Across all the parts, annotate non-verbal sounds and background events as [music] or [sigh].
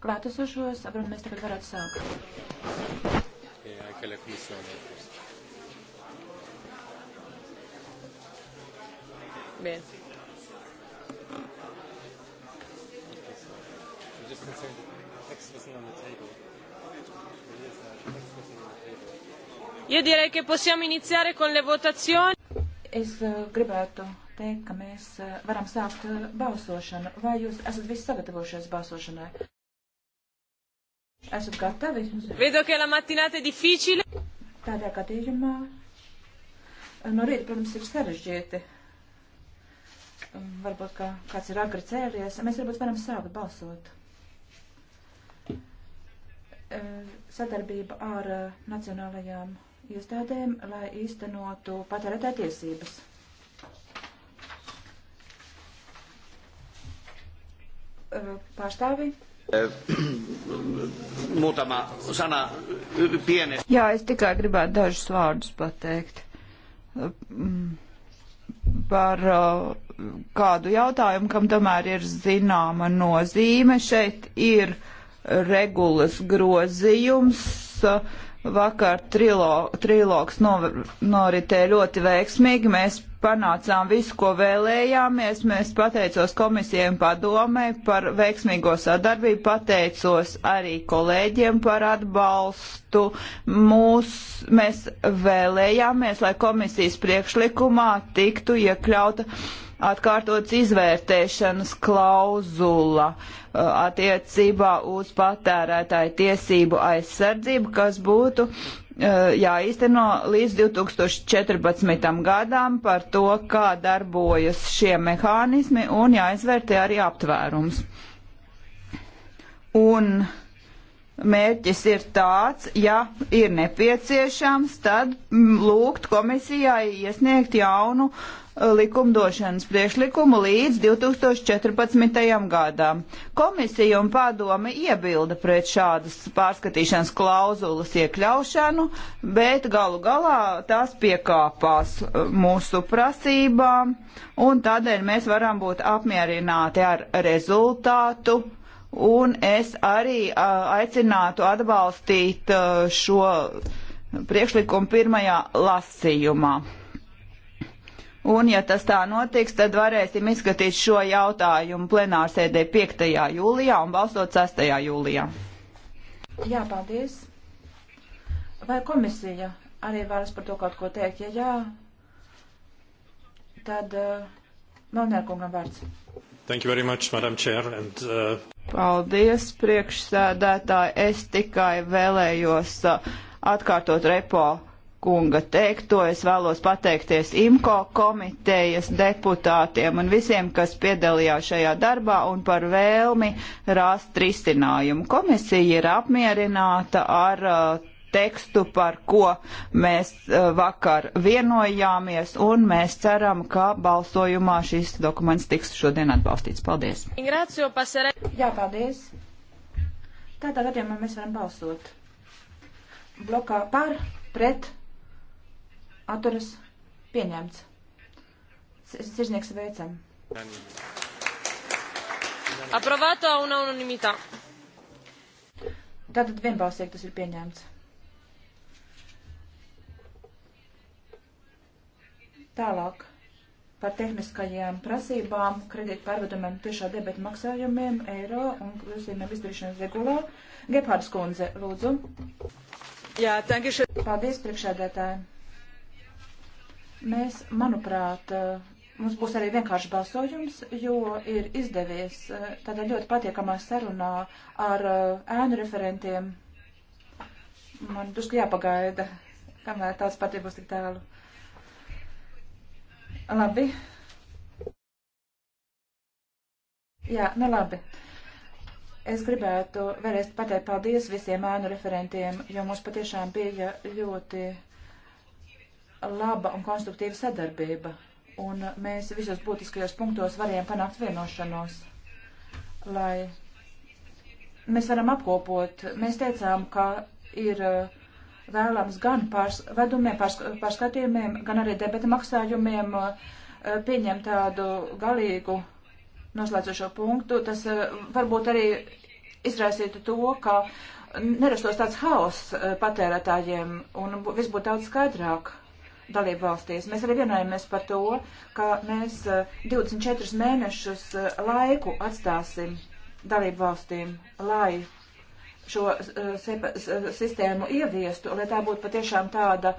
klātesošos. Varbūt mēs tagad varētu sākt. Jā, ka la komisija. Bien. Just concerned the uh, text wasn't on the table. Io direi che possiamo iniziare con le votazioni. Es uh, gribētu teikt, ka mēs uh, varam sākt balsošanu. Vai jūs esat visi sagatavojušies balsošanai? Esat gatavi? Vedo che la mattinata è difficile. Tādā gadījumā eh, no rīta, protams, ir sarežģīti. Varbūt, ka kāds ir agri cēlies. Mēs varbūt varam sākt balsot. Eh, sadarbība ar eh, nacionālajām iestādēm, lai īstenotu patērētāju tiesības. Pārstāvi. Eh, [clears throat] muutama sana pienes. Jā, es tikai gribētu dažus vārdus pateikt eh, mm, par eh, kādu jautājumu, kam tomēr ir zināma nozīme. Šeit ir regulas grozījums. Vakar trilo, trilogs nor, noritēja ļoti veiksmīgi. Mēs panācām visu, ko vēlējāmies. Mēs pateicos komisijai un padomē par veiksmīgo sadarbību, pateicos arī kolēģiem par atbalstu. Mūs, mēs vēlējāmies, lai komisijas priekšlikumā tiktu iekļauta atkārtots izvērtēšanas klauzula uh, attiecībā uz patērētāju tiesību aizsardzību, kas būtu Eh, jāīsteno līdz 2014. gadām par to, kā darbojas šie mehānismi un jāizvērtē arī aptvērums. Un mērķis ir tāds, ja ir nepieciešams, tad lūgt komisijai iesniegt jaunu uh, likumdošanas priekšlikumu līdz 2014. gadam. Komisija un padome iebilda pret šādas pārskatīšanas klauzulas iekļaušanu, bet galu galā tās piekāpās mūsu prasībām, un tādēļ mēs varam būt apmierināti ar rezultātu. Un es arī uh, aicinātu atbalstīt uh, šo priekšlikumu pirmajā lasījumā. Un, ja tas tā notiks, tad varēsim izskatīt šo jautājumu plenārsēdē 5. jūlijā un balsot 6. jūlijā. Jā, paldies. Vai komisija arī vēlas par to kaut ko teikt? Ja jā, tad uh, eh, Melnērkungam vārds. Thank you very much, Madam Chair. And, uh... Paldies, priekšsēdētāji. Es tikai vēlējos uh, atkārtot repo kunga teikto. Es vēlos pateikties IMCO komitejas deputātiem un visiem, kas piedalījās šajā darbā un par vēlmi rast risinājumu. Komisija ir apmierināta ar uh, tekstu, par ko mēs uh, vakar vienojāmies, un mēs ceram, ka balsojumā šis dokuments tiks šodien atbalstīts. Paldies! Jā, paldies! Tādā gadījumā mēs varam balsot blokā par, pret, atturas pieņemts. Sirdnieks veicam. Aprovāta un anonimitā. Tātad vienbalsīgi tas ir pieņemts. Tālāk par tehniskajām prasībām, kredītu pārvedumiem, tiešā debeta maksājumiem, eiro un grozījumiem izdarīšanas regulā. Gepārds kundze, lūdzu. Jā, tankiši. Paldies, priekšēdētāji. Mēs, manuprāt, eh, mums būs arī vienkārši balsojums, jo ir izdevies eh, tādā ļoti patiekamā sarunā ar eh, ēnu referentiem. Man drusku jāpagaida, kamēr tāds partija būs tik tālu. Labi. Jā, nu labi. Es gribētu vēlreiz pateikt paldies visiem ēnu referentiem, jo mums patiešām bija ļoti laba un konstruktīva sadarbība, un mēs visos būtiskajos punktos varējām panākt vienošanos, lai mēs varam apkopot. Mēs teicām, ka ir uh, vēlams gan pārvedumiem, pārs, pārskatījumiem, gan arī debeta maksājumiem uh, pieņemt tādu galīgu noslēdzošo punktu. Tas uh, varbūt arī izraisītu to, ka nerastos tāds haoss patērētājiem un viss būtu daudz skaidrāk dalību valstīs. Mēs arī vienojamies par to, ka mēs 24 eh, mēnešus eh, laiku atstāsim dalību valstīm, lai šo eh, sistēmu ieviestu, lai tā būtu patiešām tāda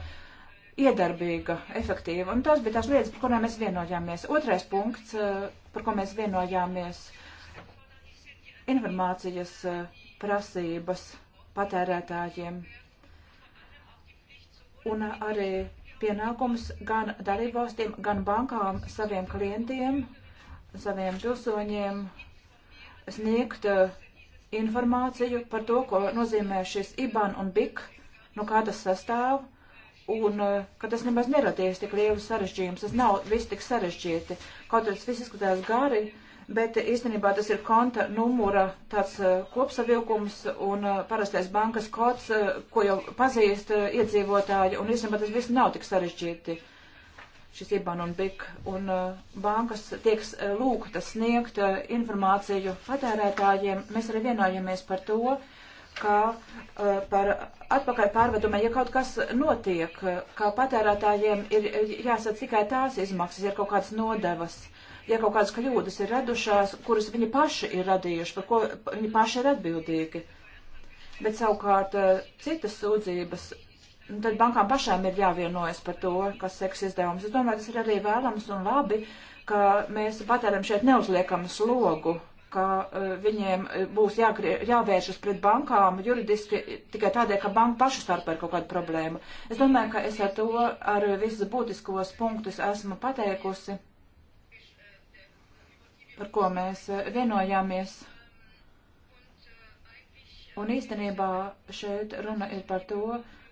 iedarbīga, efektīva. Un tās bija tās lietas, par kurām mēs vienojāmies. Otrais punkts, par ko mēs vienojāmies - informācijas prasības patērētājiem un arī pienākums gan dalībvalstīm, gan bankām saviem klientiem, saviem pilsoņiem sniegt uh, informāciju par to, ko nozīmē šis IBAN un BIK, no kā tas sastāv, un uh, ka tas nemaz neradies tik lielu sarežģījumus. Tas nav viss tik sarežģīti. Kaut tas viss izskatās gari, uh, bet īstenībā tas ir konta numura tāds eh, kopsavilkums un eh, parastais bankas kods, eh, ko jau pazīst iedzīvotāji, un īstenībā tas viss nav tik sarežģīti. Šis IBAN un BIK un bankas tiek lūgtas sniegt informāciju patērētājiem. Mēs arī vienojamies par to, kā uh, par atpakaļ pārvedumiem, ja kaut kas notiek, kā patērētājiem ir jāsaka tikai tās izmaksas, ir kaut kādas nodevas. Uh, ja kaut kādas kļūdas ir radušās, kuras viņi paši ir radījuši, par ko viņi paši ir atbildīgi. Bet savukārt eh, citas sūdzības, nu, tad bankām pašām ir jāvienojas par to, kas seks izdevums. Es domāju, tas ir arī vēlams un labi, ka mēs patērēm šeit neuzliekam slogu ka uh, viņiem eh, būs jāgrie, jāvēršas pret bankām juridiski tikai tādēļ, ka banka paša starpā ir kaut kāda problēma. Es domāju, ka es ar to ar visas būtiskos punktus esmu pateikusi par ko mēs eh, vienojāmies. Un īstenībā šeit runa ir par to,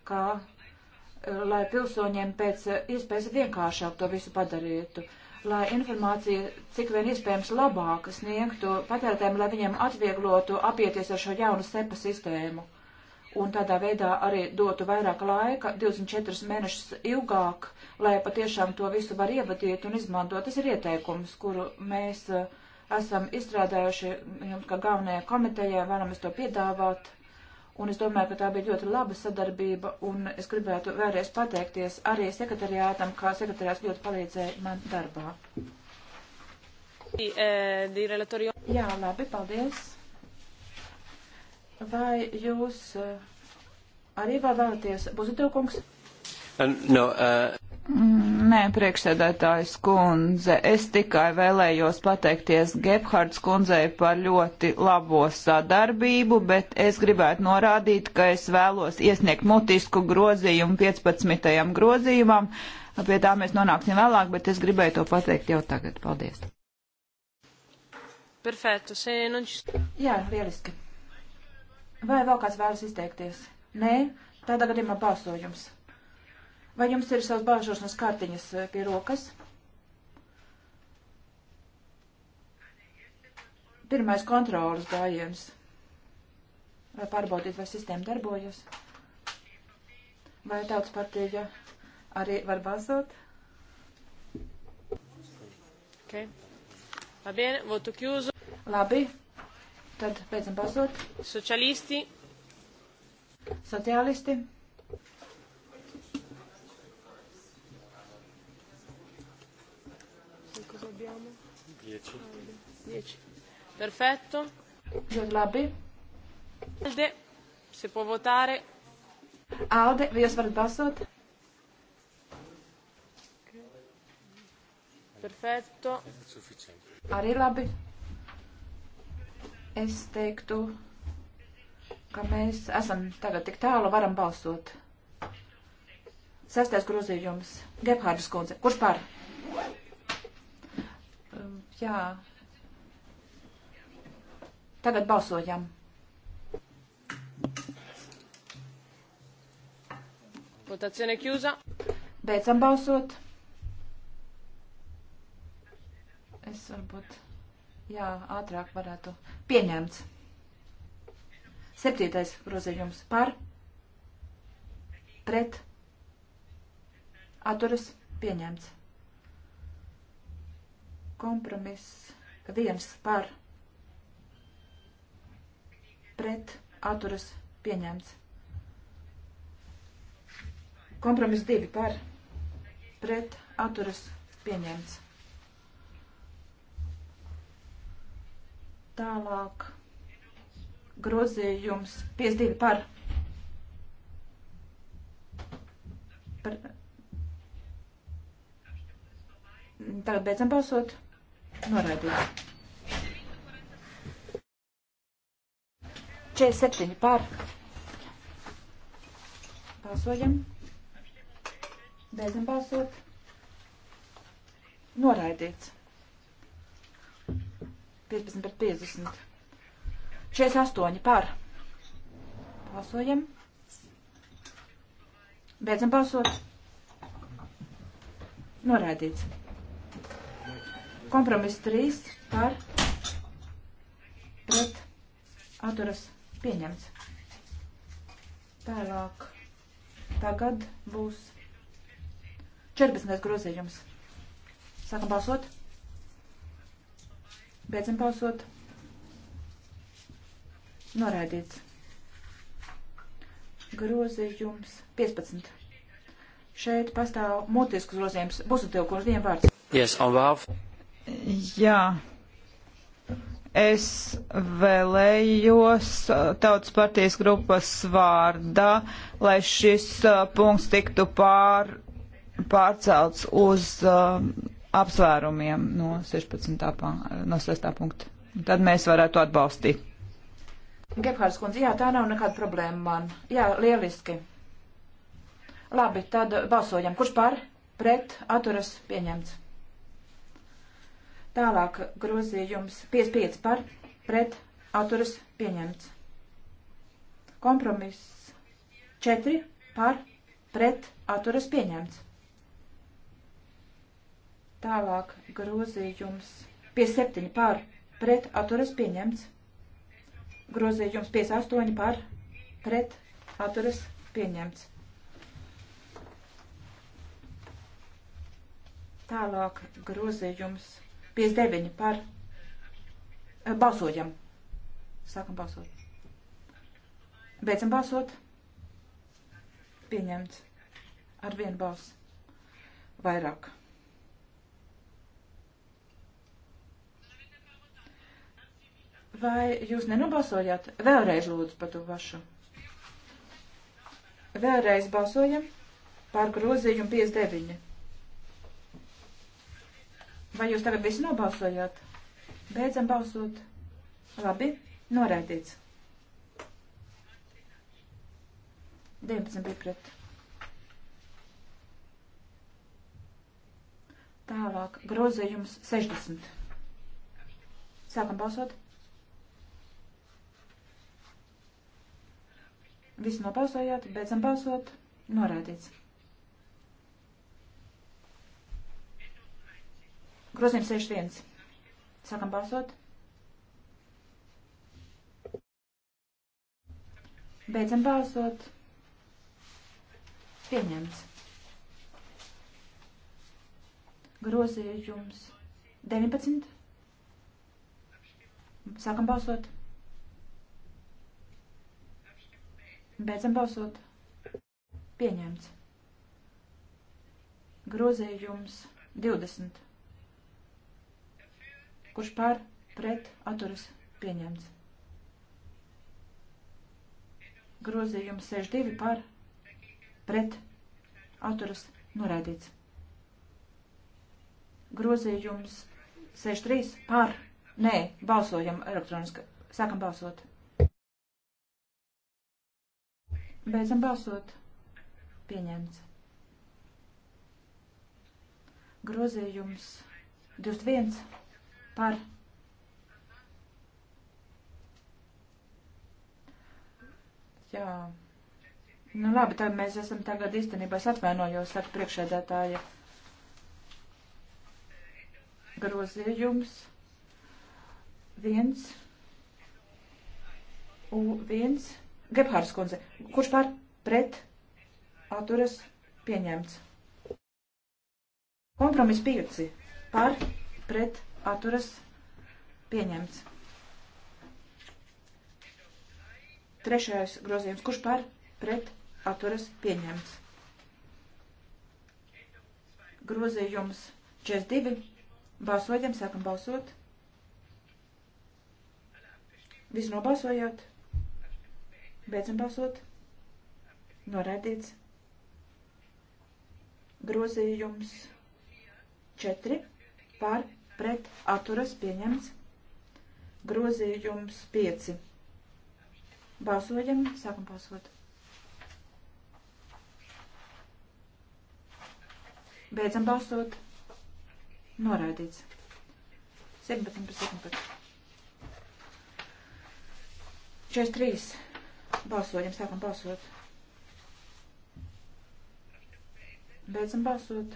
kā eh, lai pilsoņiem pēc eh, iespējas vienkāršāk to visu padarītu, lai informācija cik vien iespējams labāk sniegtu patērētēm, lai viņiem atvieglotu apieties ar šo jaunu sepa sistēmu. Un tādā veidā arī dotu vairāk laika, 24 mēnešus ilgāk, lai patiešām to visu var ievadīt un izmantot. Tas ir ieteikums, kuru mēs eh, esam izstrādājuši jums kā galvenajai komitejai, varam es to piedāvāt. Un es domāju, ka tā bija ļoti laba sadarbība, un es gribētu vēlreiz pateikties arī sekretariātam, kā sekretariāts ļoti palīdzēja man darbā. Jā, labi, paldies. Vai jūs eh, arī vēl vēlaties, Buzitovkungs? Um, no, uh... Nē, priekšsēdētājs kundze, es tikai vēlējos pateikties Gebhards kundzei par ļoti labo sadarbību, bet es gribētu norādīt, ka es vēlos iesniegt mutisku grozījumu 15. grozījumam. Pie tā mēs nonāksim vēlāk, bet es gribēju to pateikt jau tagad. Paldies. Perfektu sēnu. Jā, lieliski. Vai vēl kāds vēlas izteikties? Nē, tādā gadījumā balsojums. Vai jums ir savas balsošanas kartiņas eh, pie rokas? Pirmais kontrolas gājiens. Vai pārbaudīt, vai sistēma darbojas? Vai tautas partija arī var balsot? Okay. Labien, votu chiuso. Labi, tad beidzam balsot. Socialisti. Socialisti. 10. 10. Perfetto. Labi. Alde, se può votare. Alde, vai jūs varat balsot? Perfetto. Arī labi. Es teiktu, ka mēs esam tagad tik tālu, varam balsot. Sastais grozījums. Gebhārdas kundze. Kurš par? Jā. Tagad balsojam. Votazione chiusa. Beidzam balsot. Es varbūt, jā, ātrāk varētu. Pieņemts. Septītais grozījums par, pret, atturas, pieņemts. Kompromiss viens par pret atturas pieņemts. Kompromiss divi par pret atturas pieņemts. Tālāk grozījums 52 par, par Tagad beidzam balsot. Noraidīts. 47 par. Balsojam. Beidzam balsot. Noraidīts. 15 pret 50. 48 par. Balsojam. Beidzam balsot. Noraidīts. Kompromiss 3 par pret atturas pieņemts. Tālāk. Tagad būs 14. grozījums. Sākam balsot. Beidzam balsot. Noraidīts. Grozījums 15. Šeit pastāv mutisks grozījums. Būs uz tev kurš dienu vārds. Yes, on behalf. Jā. Es vēlējos uh, Tautas partijas grupas vārdā, lai šis uh, punkts tiktu pār, pārcelts uz uh, apsvērumiem no 16. Pā, no 6. punkta. Tad mēs varētu atbalstīt. Gebhārs kundze, jā, tā nav nekāda problēma man. Jā, lieliski. Labi, tad balsojam. Kurš par? Pret? Aturas? Pieņemts. Tālāk grozījums 55 par pret atturas pieņemts. Kompromiss 4 par pret atturas pieņemts. Tālāk grozījums 57 par pret atturas pieņemts. Grozījums 58 par pret atturas pieņemts. Tālāk grozījums 58. 59 par. Balsojam. Sākam balsot. Beidzam balsot. Pieņemts. Ar vienu balsu. Vairāk. Vai jūs nenobalsojāt? Vēlreiz lūdzu par to pašu. Vēlreiz balsojam par grozījumu 59. Vai jūs tagad visi nobalsojāt? Beidzam balsot. Labi, noraidīts. 19 bija pret. Tālāk grozījums 60. Sākam balsot. Visi nobalsojāt, beidzam balsot, norādīts. Grozījums 61. Sākam balsot. Beidzam balsot. Pieņemts. Grozījums 19. Sākam balsot. Beidzam balsot. Pieņemts. Grozījums 20 kurš pār pret atturas pieņemts. Grozījums 62 pār pret atturas noraidīts. Grozījums 63 pār. Nē, balsojam elektroniski. Sākam balsot. Beidzam balsot. Pieņemts. Grozījums 21 par Jā. Nu labi, tad mēs esam tagad īstenībā es atvainojos ar priekšēdētāja grozījums. Viens. U viens. Gebhārs kundze. Kurš pār pret atturas pieņemts? Kompromis pieci. Par pret atturas pieņemts. Trešais grozījums, kurš par pret atturas pieņemts. Grozījums 42. Balsojam, sākam balsot. Visi nobalsojot. Beidzam balsot. Noraidīts. Grozījums 4 par pret atturas pieņemts. Grozījums 5. Balsojam, sākam balsot. Beidzam balsot. Noraidīts. 17 par 17. 43. Balsojam, sākam balsot. Beidzam balsot.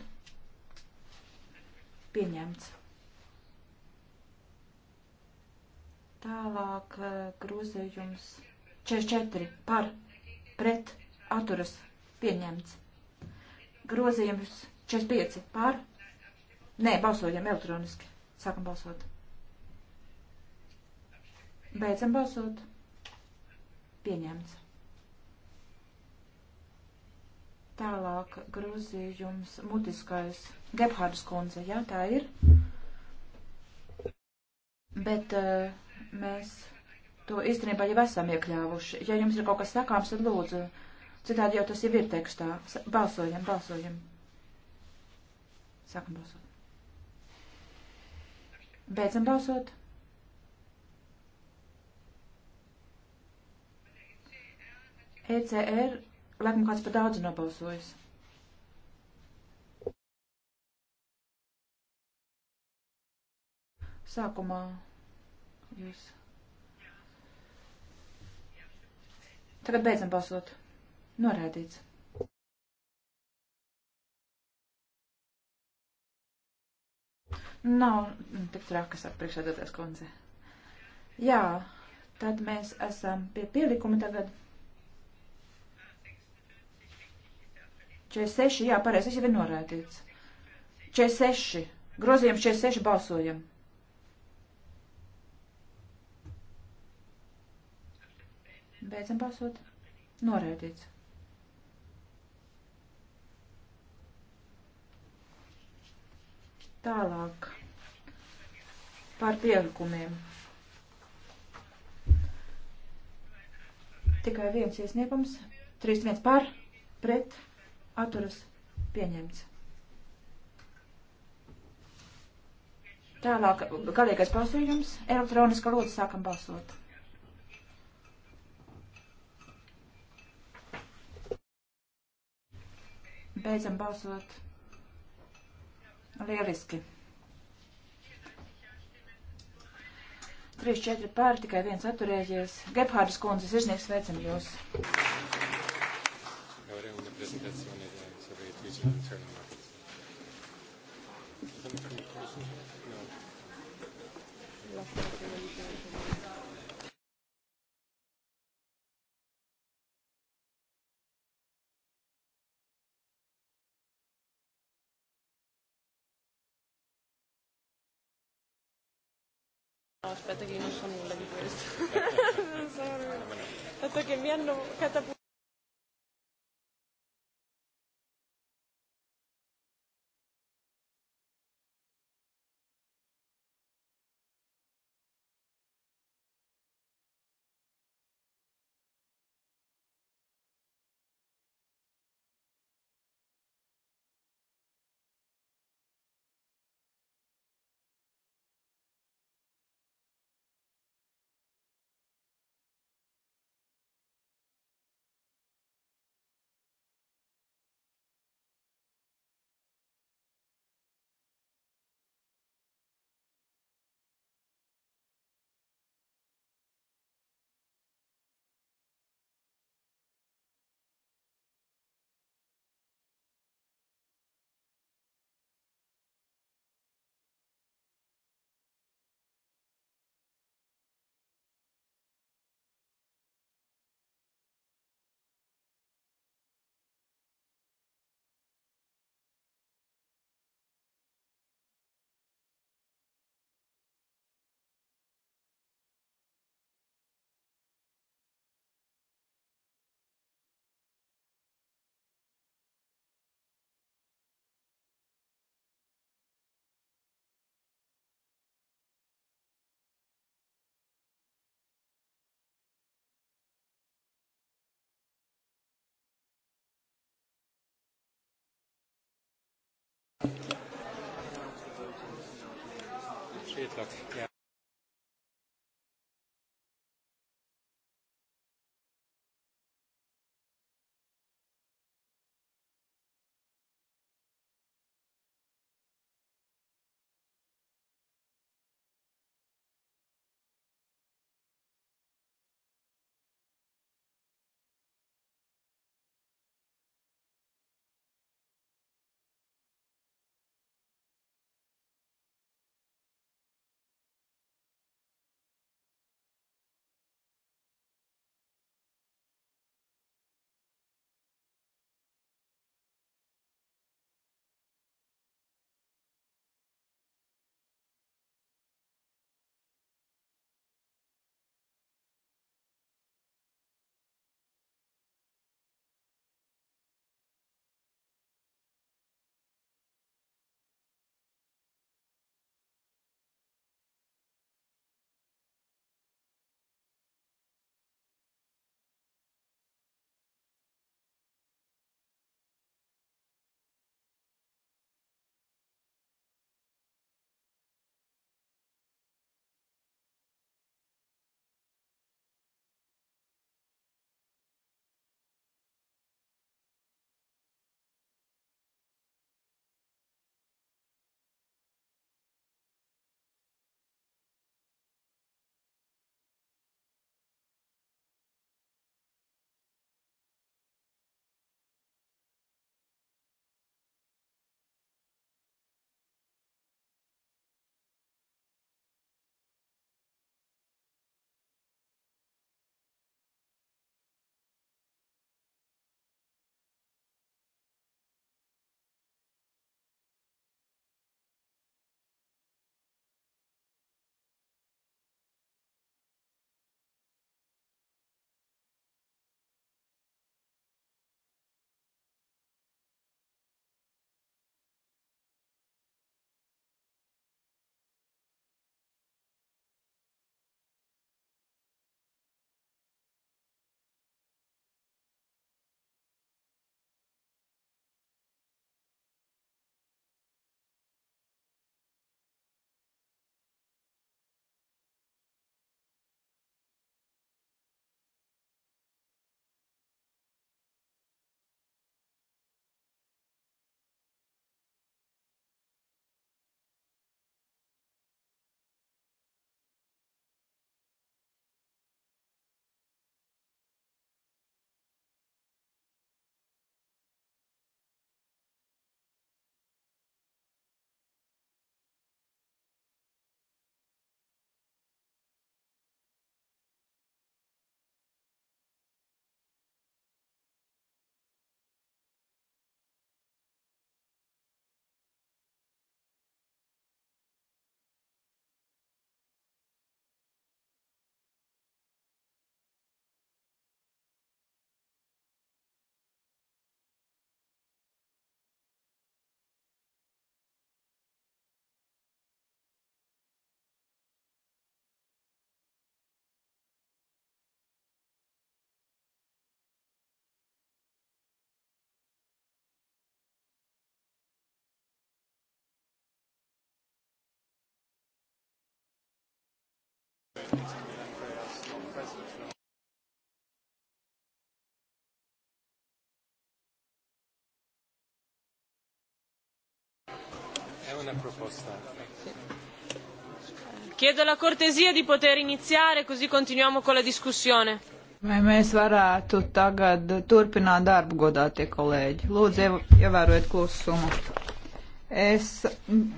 Pieņemts. Tālāk eh, grozījums 44 par pret atturas pieņemts. Grozījums 45 par. Nē, balsojam elektroniski. Sākam balsot. Beidzam balsot. Pieņemts. Tālāk grozījums mutiskais. Gebhardas kundze, jā, tā ir. Bet uh, mēs to īstenībā jau esam iekļāvuši. Ja jums ir kaut kas sakāms, tad lūdzu. Citādi jau tas jau ir tekstā. Balsojam, balsojam. Sākam balsot. Beidzam balsot. ECR, laikam kāds par daudz nobalsojis. Sākumā Jūs. Tagad beidzam balsot. Norēdīts. Nav tik traka, saka priekšsēdētājs kundze. Jā, tad mēs esam pie pielikuma tagad. 46, jā, pareizi, es jau ir norēdīts. 46, grozījums 46 balsojam. Beidzam balsot. Noraidīts. Tālāk par pielikumiem. Tikai viens iesniegums. 3-1 par, pret, atturas pieņemts. Tālāk galīgais balsojums. Elektroniska lūdzu sākam balsot. Beidzam balsot. Lieliski. 3-4 pār, tikai viens atturējies. Gebhārdas kundze, sirsnieks, sveicam jūs. Laura, una presentazione sobre Twitch internal. Aspetta che io non so nulla di questo. Aspetta [laughs] che mi hanno catapultato. Beitrag. Jā. È una proposta. Chiedo la cortesia di poter iniziare così continuiamo con la discussione. Vai mēs varētu tagad turpināt darbu, godātie kolēģi. Lūdzu, ievērojiet klusumu. Es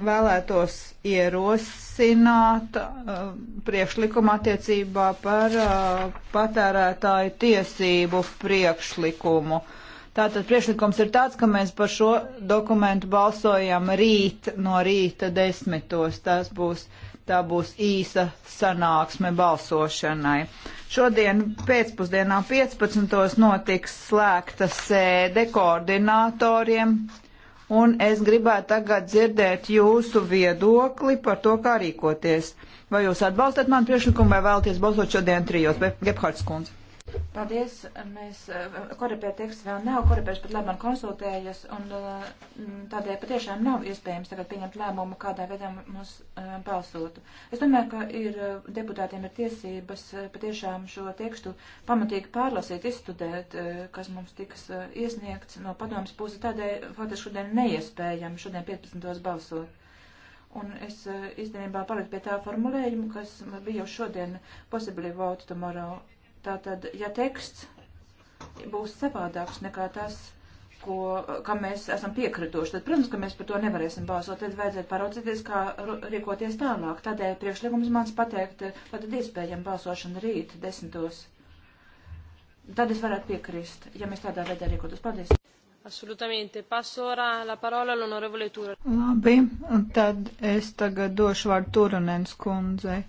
vēlētos ierosināt uh, priekšlikumu attiecībā par uh, patērētāju tiesību priekšlikumu. Uh, Tātad priekšlikums ir tāds, ka mēs par šo dokumentu balsojam rīt no rīta desmitos. Tas būs, tā būs īsa sanāksme balsošanai. Šodien pēcpusdienā 15. notiks slēgta sēde koordinatoriem. Un es gribētu tagad dzirdēt jūsu viedokli par to, kā rīkoties. Vai jūs atbalstat manu priekšlikumu vai vēlaties balsot šodien trijos? Gebhards kundze. Paldies, mēs, eh, korepēra teksts vēl nav, korepērs pat labāk konsultējas, un eh, tādēļ patiešām nav iespējams tagad pieņemt lēmumu, kādā veidā mums eh, balsotu. Es domāju, ka ir, deputātiem ir tiesības patiešām šo tekstu pamatīgi pārlasīt, izstudēt, kas mums tiks iesniegts no padomas puses, tādēļ faktiski šodien neiespējami šodien 15. balsot. Un es īstenībā paliku pie tā formulējuma, kas bija jau šodien, possibly vote tomorrow Tātad, ja teksts būs savādāks nekā tas, ko, kam mēs esam piekrituši, tad, protams, ka mēs par to nevarēsim balsot, tad vajadzētu paraudzīties, kā rīkoties tālāk. Tādēļ priekšlikums mans pateikt, vai tad iespējam balsošana rīt desmitos. Tad es varētu piekrist, ja mēs tādā veidā rīkotos. Paldies! Absolutamente. Passo ora la parola all'onorevole Turunen. Labi, un tad es tagad došu vārdu Turunens kundzei.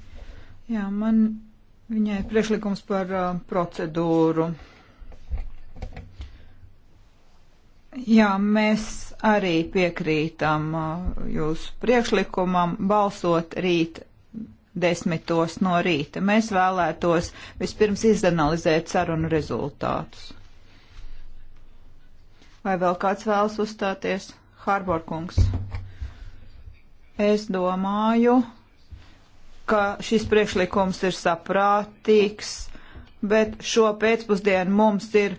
Jā, man Viņai priekšlikums par uh, procedūru. Jā, mēs arī piekrītam uh, jūsu priekšlikumam balsot rīt desmitos no rīta. Mēs vēlētos vispirms izanalizēt sarunu rezultātus. Vai vēl kāds vēlas uzstāties? Hārborkungs. Es domāju, ka šis priekšlikums ir saprātīgs, bet šo pēcpusdienu mums ir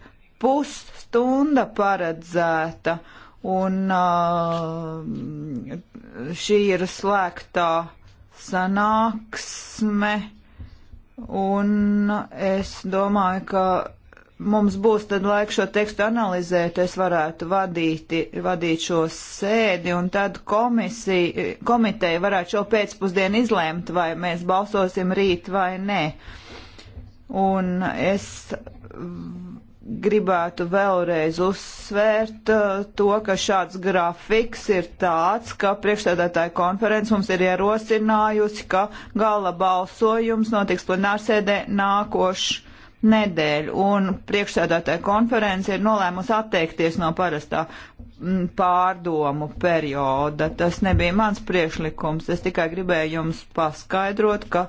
pusstunda paredzēta, un uh, šī ir slēgtā sanāksme, un es domāju, ka mums būs tad laiks šo tekstu analizēt, es varētu vadīt, vadīt šo sēdi, un tad komisija, komiteja varētu šo pēcpusdienu izlēmt, vai mēs balsosim rīt vai nē. Un es gribētu vēlreiz uzsvērt uh, to, ka šāds grafiks ir tāds, ka priekšstādātāja konferences mums ir ierosinājusi, ka gala balsojums notiks plenārsēdē nākošais nedēļu, un priekšsēdētāja konference ir nolēmusi atteikties no parastā mm, pārdomu perioda. Tas nebija mans priekšlikums, es tikai gribēju jums paskaidrot, ka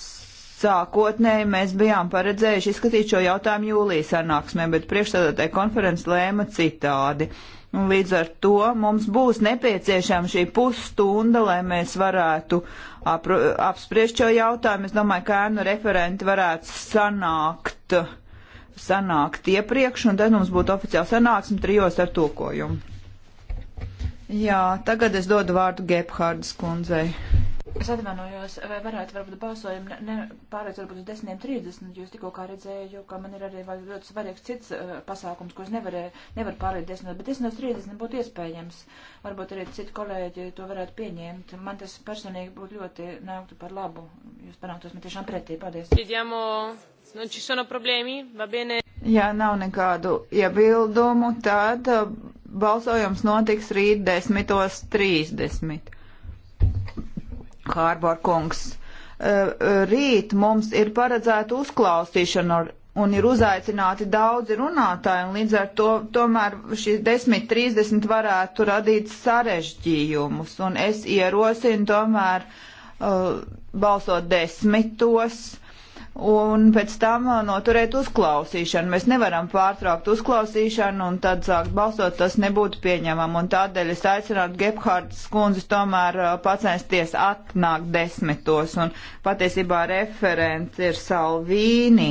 sākotnēji mēs bijām paredzējuši izskatīt šo jautājumu jūlijas sanāksmē, bet priekšsēdētāja konference lēma citādi. Uh, Un līdz ar to mums būs nepieciešama šī pusstunda, lai mēs varētu apru, apspriest šo jautājumu. Es domāju, ka ēnu referenti varētu sanākt, sanākt iepriekš, un tad mums būtu oficiāli sanāksme trijos ar tūkojumu. Jā, tagad es dodu vārdu Gebhārdas kundzei. Es atvainojos, vai varētu varbūt balsojumu nepārēc varbūt uz 10.30. Jūs tikko kā redzēju, ka man ir arī ļoti svarīgs cits uh, pasākums, ko es nevarēju, nevaru pārēt 10. Bet 10.30 būtu iespējams. Varbūt arī citi kolēģi to varētu pieņemt. Man tas personīgi būtu ļoti nāktu par labu. Jūs panāktos man tiešām pretī. Paldies. Nu, ja nav nekādu iebildumu, tad uh, balsojums notiks rīt 10.30. Hārbārkungs. Rīt mums ir paredzēta uzklausīšana un ir uzaicināti daudzi runātāji, un līdz ar to tomēr šī 10.30 varētu radīt sarežģījumus, un es ierosinu tomēr uh, balsot desmitos, un pēc tam uh, noturēt uzklausīšanu. Mēs nevaram pārtraukt uzklausīšanu un tad sākt balsot, tas nebūtu pieņemam. Un tādēļ es aicinātu Gebhārdas kundzes tomēr uh, pacensties atnākt desmitos. Un patiesībā referents ir Salvīnī.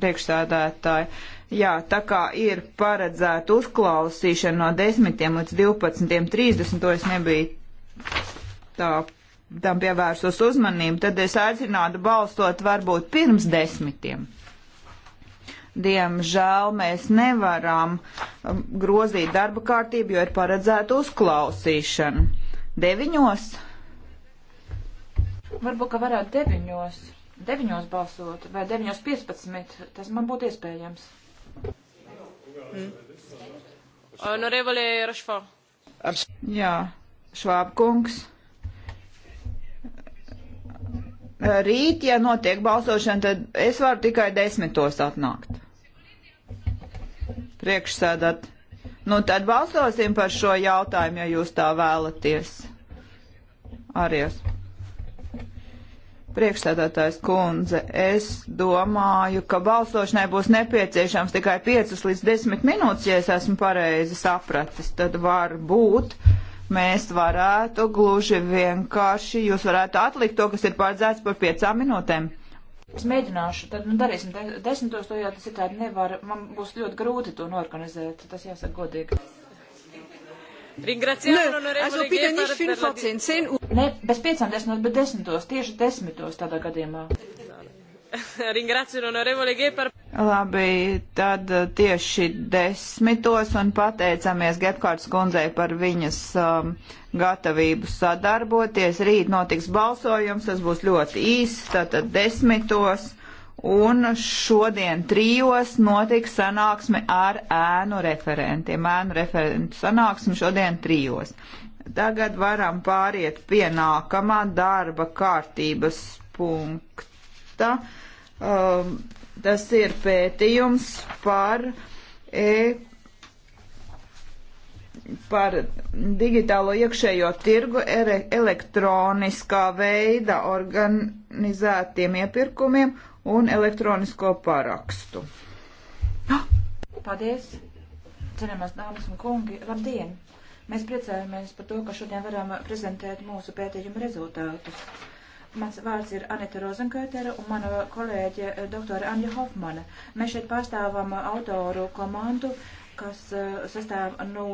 Priekšsādātāji. Jā, tā kā ir paredzēta uzklausīšana no 10 līdz 12.30, to es nebiju tā, tam pievērsos uzmanību, tad es aicinātu balstot varbūt pirms desmitiem. Diemžēl mēs nevaram um, grozīt darba kārtību, jo ir paredzēta uzklausīšana. Deviņos? Varbūt, ka varētu deviņos, deviņos balsot vai deviņos piecpadsmit. Tas man būtu iespējams. Mm. Honorevole Rašfo. Jā, Švābkungs. Eh, rīt, ja notiek balsošana, tad es varu tikai desmitos atnākt. Priekšsēdāt. Nu, tad balsosim par šo jautājumu, ja jūs tā vēlaties. Arijas. Priekšsēdētājs kundze, es domāju, ka balsošanai būs nepieciešams tikai 5 līdz 10 minūtes, ja es esmu pareizi sapratis. Tad var būt mēs varētu gluži vienkārši, jūs varētu atlikt to, kas ir paredzēts par piecām minūtēm. Es mēģināšu, tad nu, darīsim desmitos, to jau tas ir tādi nevar, man būs ļoti grūti to norganizēt, tas jāsaka godīgi. Ne, bez piecām desmitos, bet desmitos, tieši desmitos tādā gadījumā. [laughs] Ringrazio l'onorevole Gepard. Labi, tad eh, tieši desmitos un pateicamies Gepkārts kundzei par viņas um, gatavību sadarboties. Rīt notiks balsojums, tas būs ļoti īsts, tātad desmitos. Un šodien trijos notiks sanāksme ar ēnu referentiem. Ēnu referentu sanāksme šodien trijos. Tagad varam pāriet pie nākamā darba kārtības punkta um, tas ir pētījums par, e, par digitālo iekšējo tirgu ele, elektroniskā veida organizētiem iepirkumiem un elektronisko parakstu. Ah! Paldies! Cerējumās dāmas un kungi, labdien! Mēs priecājamies par to, ka šodien varam prezentēt mūsu pētījumu rezultātus. Mans vārds ir Anita Rozenkötera un mana kolēģe eh, doktore Anja Hofmane. Mēs šeit pārstāvam eh, autoru komandu, kas eh, sastāv no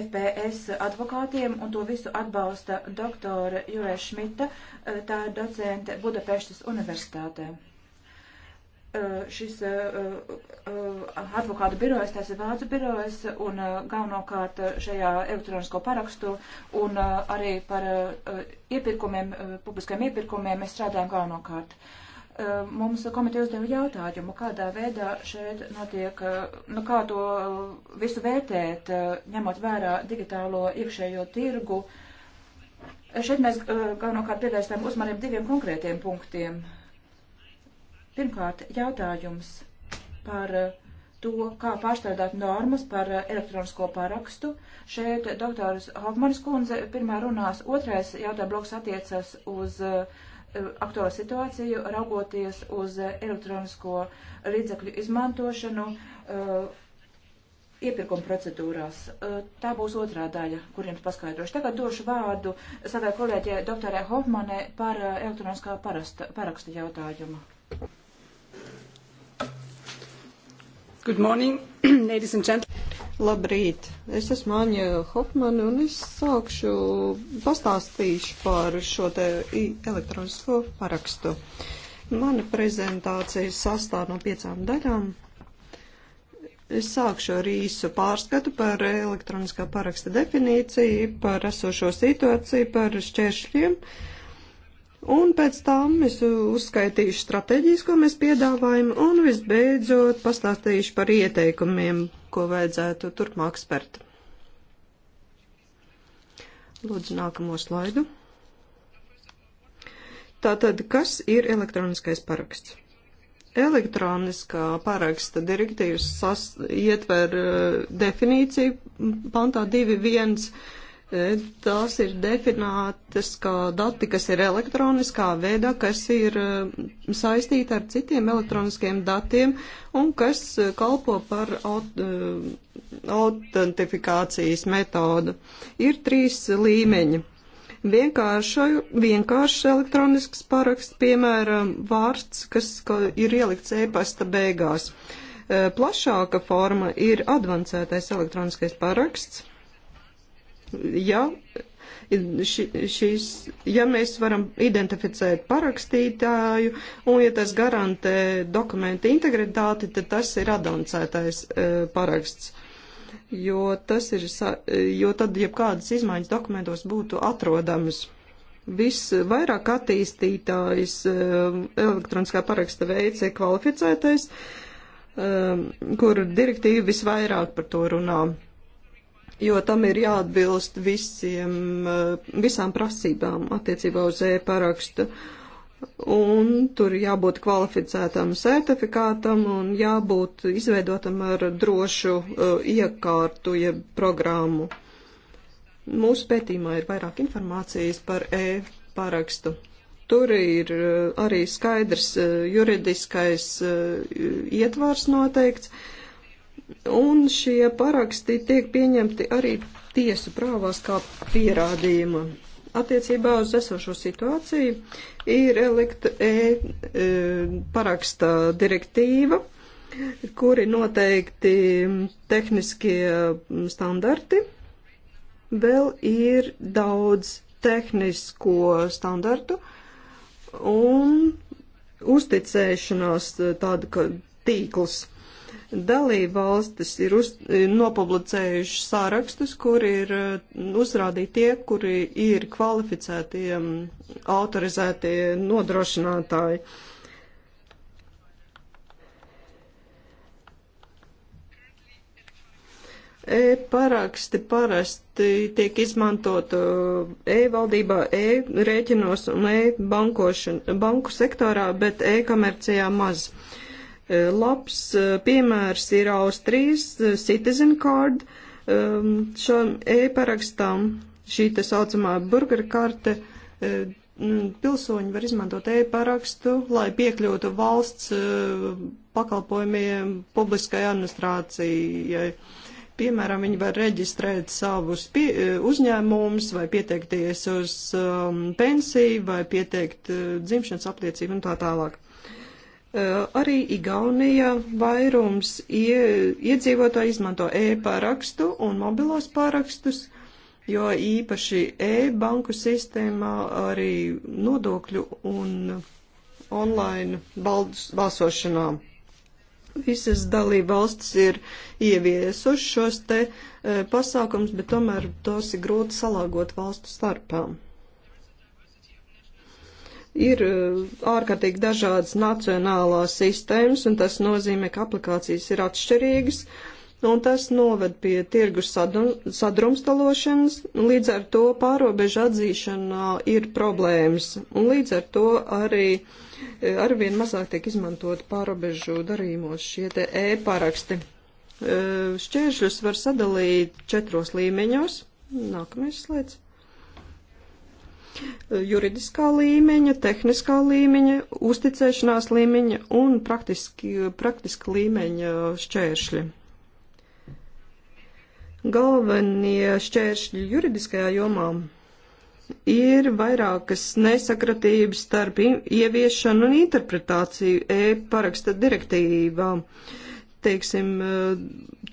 FPS advokātiem, un to visu atbalsta doktore Jurē Šmita, tā ir docente Budapeštas universitātē. Eh, šis eh, eh, advokātu birojas, tas ir vācu birojas, un galvenokārt šajā elektronisko parakstu, un arī par iepirkumiem, publiskiem iepirkumiem mēs strādājam galvenokārt. Mums komiteja uzdeva jautājumu, kādā veidā šeit notiek, nu kā to visu vērtēt, ņemot vērā digitālo iekšējo tirgu. Šeit mēs galvenokārt pievērstam uzmanību diviem konkrētiem punktiem. Uh, Pirmkārt, jautājums par eh, to, kā pārstrādāt normas par eh, elektronisko parakstu. Šeit doktors Hofmanis kundze pirmā runās, otrais jautājums bloks attiecas uz uh, aktuālo situāciju, raugoties uz elektronisko līdzekļu izmantošanu uh, iepirkuma procedūrās. Uh, tā būs otrā daļa, kur jums paskaidrošu. Tagad došu vārdu savai kolēģē doktorē Hofmanē par elektroniskā parasta, paraksta jautājumu. Good morning, [clears throat] ladies and gentlemen. Labrīt! Es esmu Anja Hopmana un es sākšu pastāstīšu par šo te elektronisko parakstu. Mana prezentācija sastāv no piecām daļām. Es sākšu ar īsu pārskatu par elektroniskā paraksta definīciju, par esošo situāciju, par šķēršļiem. Uh, Un pēc tam es uzskaitīšu stratēģijas, ko mēs piedāvājam, un visbeidzot pastāstīšu par ieteikumiem, ko vajadzētu turpmāk spērt. Lūdzu, nākamo slaidu. Tātad, kas ir elektroniskais paraksts? Elektroniskā paraksta direktīvas sas, ietver uh, definīciju pantā 2.1 Tās ir definētas kā dati, kas ir elektroniskā veidā, kas ir eh, saistīti ar citiem elektroniskiem datiem un kas eh, kalpo par aut eh, autentifikācijas metodu. Ir trīs līmeņi. Vienkāršs elektronisks paraksts, piemēram, vārds, kas ir ielikts e-pasta beigās. Plašāka forma ir advancētais elektroniskais paraksts ja, šīs, ja mēs varam identificēt parakstītāju un ja tas garantē dokumenta integritāti, tad tas ir adancētais e, paraksts. Jo, tas ir, jo tad jebkādas izmaiņas dokumentos būtu atrodamas. Visvairāk attīstītājs e, elektroniskā paraksta veids ir kvalificētais, e, kur direktīva visvairāk par to runā jo tam ir jāatbilst visiem, eh, visām prasībām attiecībā uz e-parakstu. Un tur jābūt kvalificētam certifikātam un jābūt izveidotam ar drošu uh, iekārtu, jeb ja programmu. Mūsu pētījumā ir vairāk informācijas par e-parakstu. Tur ir uh, arī skaidrs uh, juridiskais ietvars noteikts, un šie paraksti tiek pieņemti arī tiesu prāvās kā pierādījuma. Attiecībā uz esošo situāciju ir elekta e, e, paraksta direktīva, kuri noteikti tehniskie standarti. Vēl ir daudz tehnisko standartu un uzticēšanās tāda, ka tīkls Dalība valstis ir uz, nopublicējuši sārakstus, kur ir uh, uzrādīti tie, kuri ir kvalificētie, um, autorizētie nodrošinātāji. E-paraksti parasti tiek izmantot uh, e-valdībā, e-rēķinos un e-banku sektorā, bet e-komercijā maz. Uh, Eh, labs eh, piemērs ir Austrijas eh, Citizen Card ehm, šam e-parakstam. Šī tā saucamā burgera karte pilsoņi var izmantot e-parakstu, lai piekļūtu valsts pakalpojumiem publiskai administrācijai. Piemēram, viņi var reģistrēt savus pie, uzņēmumus, vai pieteikties uz um, pensiju, vai pieteikt uh, dzimšanas apliecību un tā tālāk. Arī Igaunijā vairums iedzīvotāji izmanto e-pārakstu un mobilos pārakstus, jo īpaši e-banku sistēmā arī nodokļu un online balsošanā visas dalība valstis ir ieviesušas šos te e, pasākums, bet tomēr tos ir grūti salāgot valstu starpām ir eh, ārkārtīgi dažādas nacionālās sistēmas, un tas nozīmē, ka aplikācijas ir atšķirīgas, un tas noved pie tirgus sadrumstalošanas, līdz ar to pārobežu atzīšanā ir problēmas, un līdz ar to arī eh, arvien mazāk tiek izmantot pārobežu darījumos šie te e-paraksti. Eh, šķēršļus var sadalīt četros līmeņos. Nākamais slēdz juridiskā līmeņa, tehniskā līmeņa, uzticēšanās līmeņa un praktiski, praktiski līmeņa šķēršļi. Galvenie šķēršļi juridiskajā jomā ir vairākas nesakratības starp ieviešanu un interpretāciju e-paraksta direktīvā. Teiksim, eh,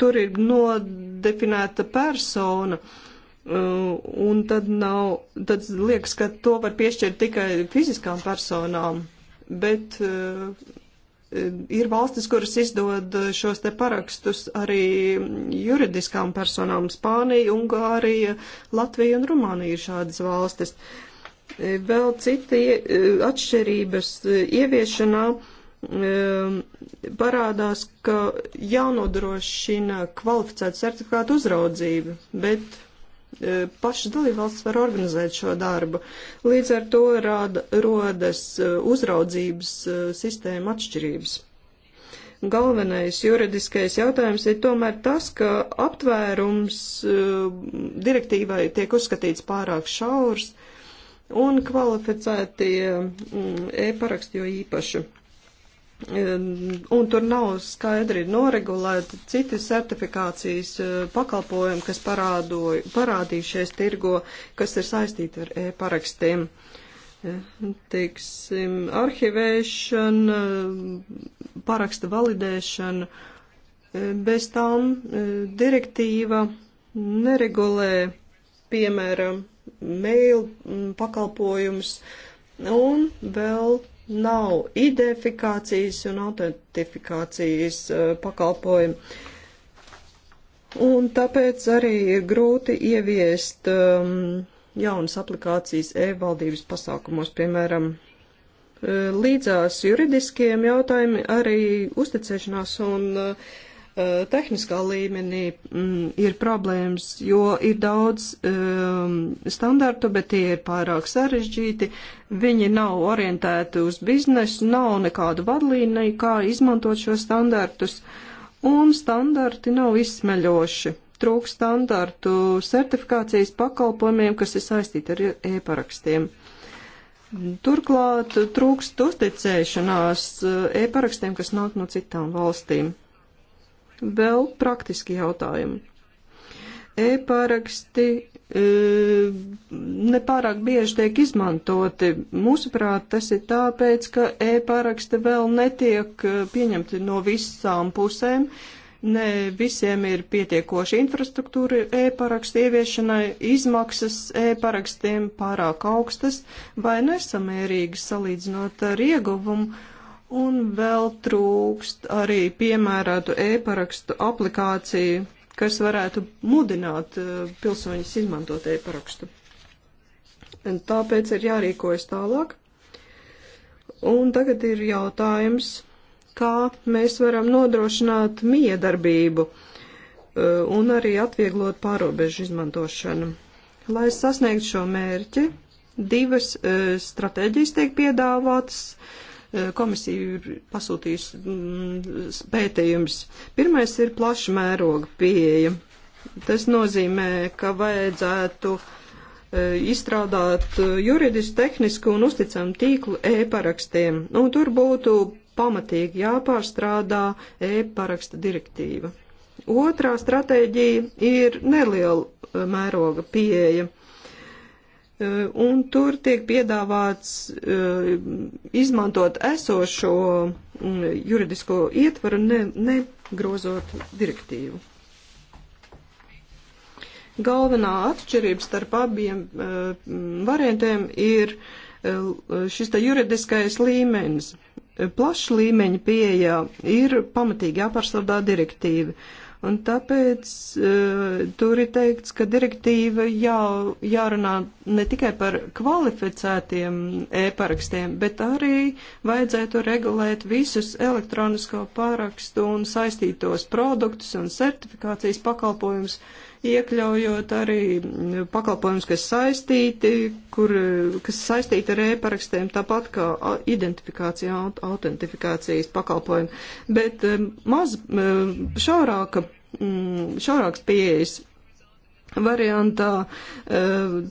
tur ir nodefinēta persona, uh, Uh, un tad nav, tad liekas, ka to var piešķirt tikai fiziskām personām, bet uh, ir valstis, kuras izdod šos te parakstus arī juridiskām personām. Spānija, Ungārija, Latvija un Rumānija ir šādas valstis. Uh, vēl citi atšķirības ieviešanā um, parādās, ka jānodrošina kvalificēta certifikāta uzraudzība, bet E, pašas dalībvalstis var organizēt šo darbu. Līdz ar to rāda, rodas e, uzraudzības e, sistēma atšķirības. Galvenais juridiskais jautājums ir tomēr tas, ka aptvērums direktīvai tiek uzskatīts pārāk šaurs un kvalificētie mm, e-paraksti jo īpaši Ehm, un tur nav skaidri noregulēti citi certifikācijas eh, pakalpojumi, kas parādo, parādījušies tirgo, kas ir saistīti ar e-parakstiem. Ehm, teiksim, arhivēšana, paraksta validēšana, ehm, bez tām direktīva neregulē, piemēram, mail pakalpojumus un vēl nav identifikācijas un autentifikācijas eh, pakalpojumi. Un tāpēc arī ir grūti ieviest um, jaunas aplikācijas e-valdības pasākumos, piemēram, eh, līdzās juridiskiem jautājumiem arī uzticēšanās un uh, Eh, tehniskā līmenī mm, ir problēmas, jo ir daudz um, standartu, bet tie ir pārāk sarežģīti, viņi nav orientēti uz biznesu, nav nekādu vadlīniju, kā izmantot šo standartus, un standarti nav izsmeļoši. Trūk standartu certifikācijas pakalpojumiem, kas ir saistīti ar e-parakstiem. Turklāt trūkst uzticēšanās eh, e-parakstiem, kas nāk no citām valstīm. Vēl praktiski jautājumi. E-pāraksti e, nepārāk bieži tiek izmantoti. Mūsuprāt, tas ir tāpēc, ka e-pāraksti vēl netiek e, pieņemti no visām pusēm. Ne visiem ir pietiekoša infrastruktūra e-parakstu ieviešanai, izmaksas e-parakstiem pārāk augstas vai nesamērīgas salīdzinot ar ieguvumu Un vēl trūkst arī piemērātu e-parakstu aplikāciju, kas varētu mudināt eh, pilsoņus izmantot e-parakstu. Un tāpēc ir jārīkojas tālāk. Un tagad ir jautājums, kā mēs varam nodrošināt miedarbību eh, un arī atvieglot pārobežu izmantošanu. Lai sasniegtu šo mērķi, divas eh, stratēģijas tiek piedāvātas. Uh, Eh, komisija ir pasūtījusi mm, pētījums. Pirmais ir plaša mēroga pieeja. Tas nozīmē, ka vajadzētu eh, izstrādāt eh, juridisku, tehnisku un uzticamu tīklu e-parakstiem, un tur būtu pamatīgi jāpārstrādā e-paraksta direktīva. Otrā stratēģija ir neliela mēroga pieeja Eh, un tur tiek piedāvāts eh, izmantot esošo mm, juridisko ietvaru, ne, negrozot direktīvu. Galvenā atšķirība starp abiem eh, variantiem ir šis te juridiskais līmenis. Plaša līmeņa pieeja ir pamatīgi jāpārstāvdā direktīva Un tāpēc uh, tur ir teikts, ka direktīva jā, jārunā ne tikai par kvalificētiem e-parakstiem, bet arī vajadzētu regulēt visus elektronisko parakstu un saistītos produktus un certifikācijas pakalpojumus. Uh, iekļaujot arī mm, pakalpojumus, kas saistīti, kur, kas saistīti ar e-parakstiem, tāpat kā identifikācija, autentifikācijas pakalpojumi, bet mm, maz mm, šaurāka, šaurāks pieejas variantā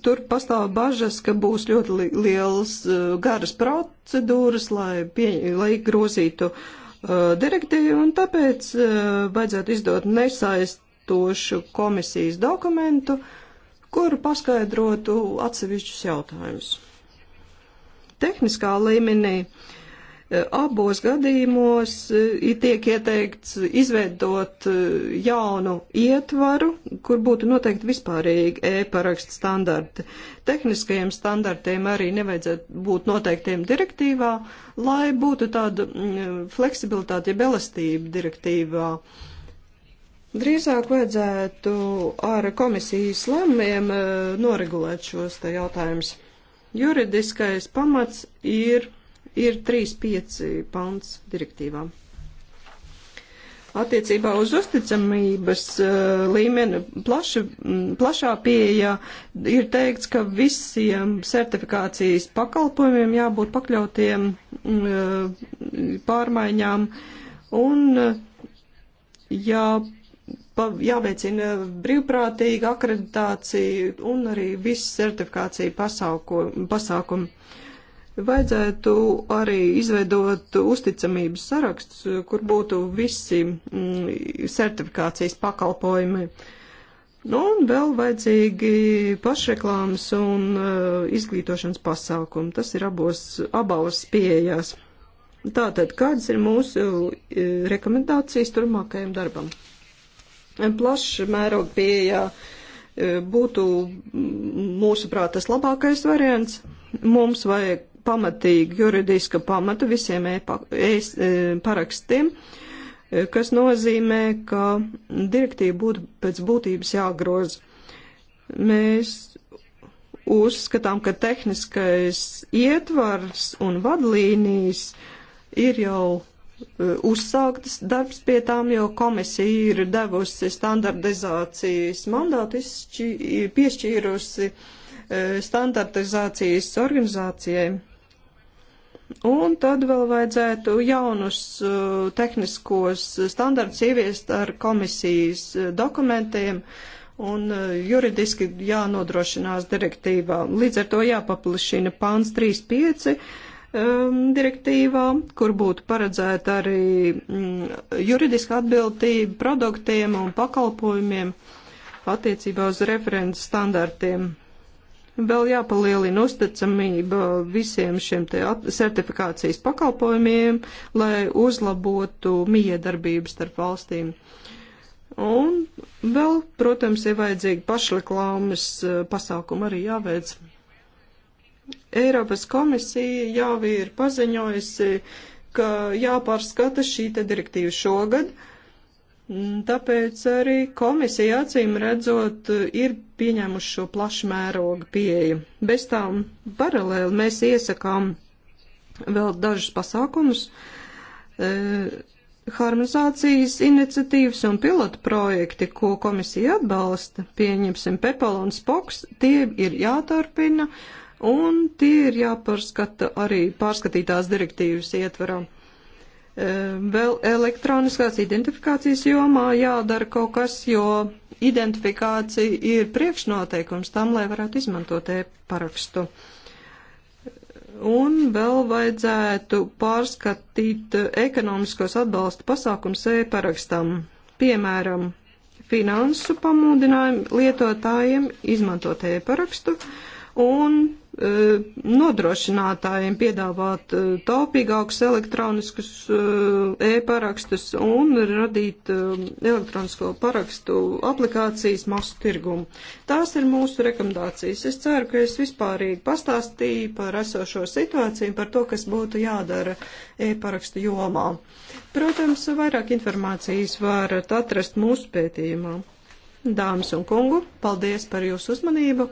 tur pastāv bažas, ka būs ļoti liels garas procedūras, lai, pie, lai grozītu direktīvu, un tāpēc vajadzētu izdot nesaist atbilstošu komisijas dokumentu, kur paskaidrotu atsevišķus jautājumus. Tehniskā līmenī e, abos gadījumos e, tiek ieteikts izveidot e, jaunu ietvaru, kur būtu noteikti vispārīgi e-parakstu standarti. Tehniskajiem standartiem arī nevajadzētu būt noteiktiem direktīvā, lai būtu tāda mm, fleksibilitāte, ja belastība direktīvā. Uh, Drīzāk vajadzētu ar komisijas lēmumiem eh, noregulēt šos te jautājumus. Juridiskais pamats ir, ir 3.5 pants direktīvā. Attiecībā uz uzticamības eh, līmeni plaši, plašā pieeja ir teikts, ka visiem certifikācijas pakalpojumiem jābūt pakļautiem eh, pārmaiņām un jā, jāveicina brīvprātīga akreditācija un arī viss certifikācija pasākumi. Vajadzētu arī izveidot uzticamības sarakstus, kur būtu visi mm, certifikācijas pakalpojumi. Nu, un vēl vajadzīgi pašreklāmas un eh, izglītošanas pasākumi. Tas ir abos, abās pieejās. Tātad, kādas ir mūsu eh, rekomendācijas turmākajam darbam? plaša mēroga pieejā e, būtu, mūsuprāt, tas labākais variants. Mums vajag pamatīgi juridiska pamata visiem e parakstiem, e, kas nozīmē, ka direktīva būtu pēc būtības jāgroz. Mēs uzskatām, ka tehniskais ietvars un vadlīnijas ir jau Eh, uzsāktas darbs pie tām, jo komisija ir devusi standartizācijas mandātu, piešķīrusi eh, standartizācijas organizācijai. Un tad vēl vajadzētu jaunus eh, tehniskos standartus ieviest ar komisijas dokumentiem un juridiski jānodrošinās direktīvā. Līdz ar to jāpaplašina pāns 35 um, direktīvā, kur būtu paredzēta arī mm, juridiska atbildība produktiem un pakalpojumiem attiecībā uz referents standartiem. Vēl jāpalielina uzticamība visiem šiem te certifikācijas pakalpojumiem, lai uzlabotu miedarbības starp valstīm. Un vēl, protams, ir vajadzīgi pašreklāmas uh, pasākumi arī jāveic Eiropas komisija jau ir paziņojusi, ka jāpārskata šī direktīva šogad. Mm, tāpēc arī komisija acīm redzot ir pieņēmuši šo plašu mērogu pieeju. Bez tām paralēli mēs iesakām vēl dažus pasākumus, e, harmonizācijas iniciatīvas un pilotu projekti, ko komisija atbalsta, pieņemsim PEPAL un SPOX, tie ir jāturpina un tie ir jāpārskata arī pārskatītās direktīvas ietverā. E, vēl elektroniskās identifikācijas jomā jādara kaut kas, jo identifikācija ir priekšnoteikums tam, lai varētu izmantot e-parakstu. Un vēl vajadzētu pārskatīt ekonomiskos atbalsta pasākums e-parakstam. Piemēram, finansu pamudinājumu lietotājiem izmantot e-parakstu un Eh, nodrošinātājiem piedāvāt eh, taupīgākus elektroniskus eh, e-parakstus un radīt elektronisko parakstu aplikācijas masu tirgumu. Tās ir mūsu rekomendācijas. Es ceru, ka es vispārīgi pastāstīju par esošo situāciju, par to, kas būtu jādara e-parakstu jomā. Protams, vairāk informācijas varat atrast mūsu pētījumā. Dāmas un kungu, paldies par jūsu uzmanību!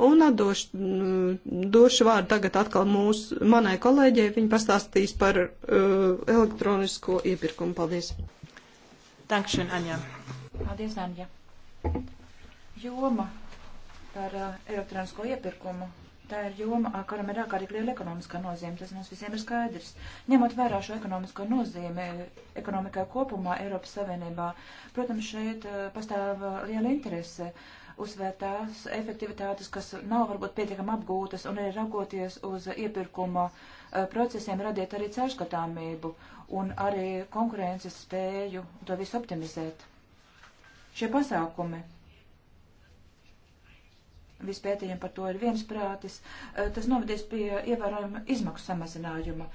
Un došu, mm, došu vārdu tagad atkal mūsu, manai kolēģei. Viņa pastāstīs par uh, elektronisko iepirkumu. Paldies. Dankšen, Aņā. Paldies, Aņā. Joma par uh, elektronisko iepirkumu. Tā ir joma, kuram ir ārkārtīgi liela ekonomiskā nozīme. Tas mums visiem ir skaidrs. Ņemot vērā šo ekonomisko nozīmi ekonomikā kopumā Eiropas Savienībā, protams, šeit uh, pastāv uh, liela interese. Uh, uzsvērt tās efektivitātes, kas nav varbūt pietiekami apgūtas, un arī raugoties uz iepirkuma eh, procesiem radiet arī caurskatāmību un arī konkurences spēju to visu optimizēt. Šie pasākumi. Vispētījiem par to ir viensprātis. Eh, tas novadīs pie ievērojama izmaksu samazinājuma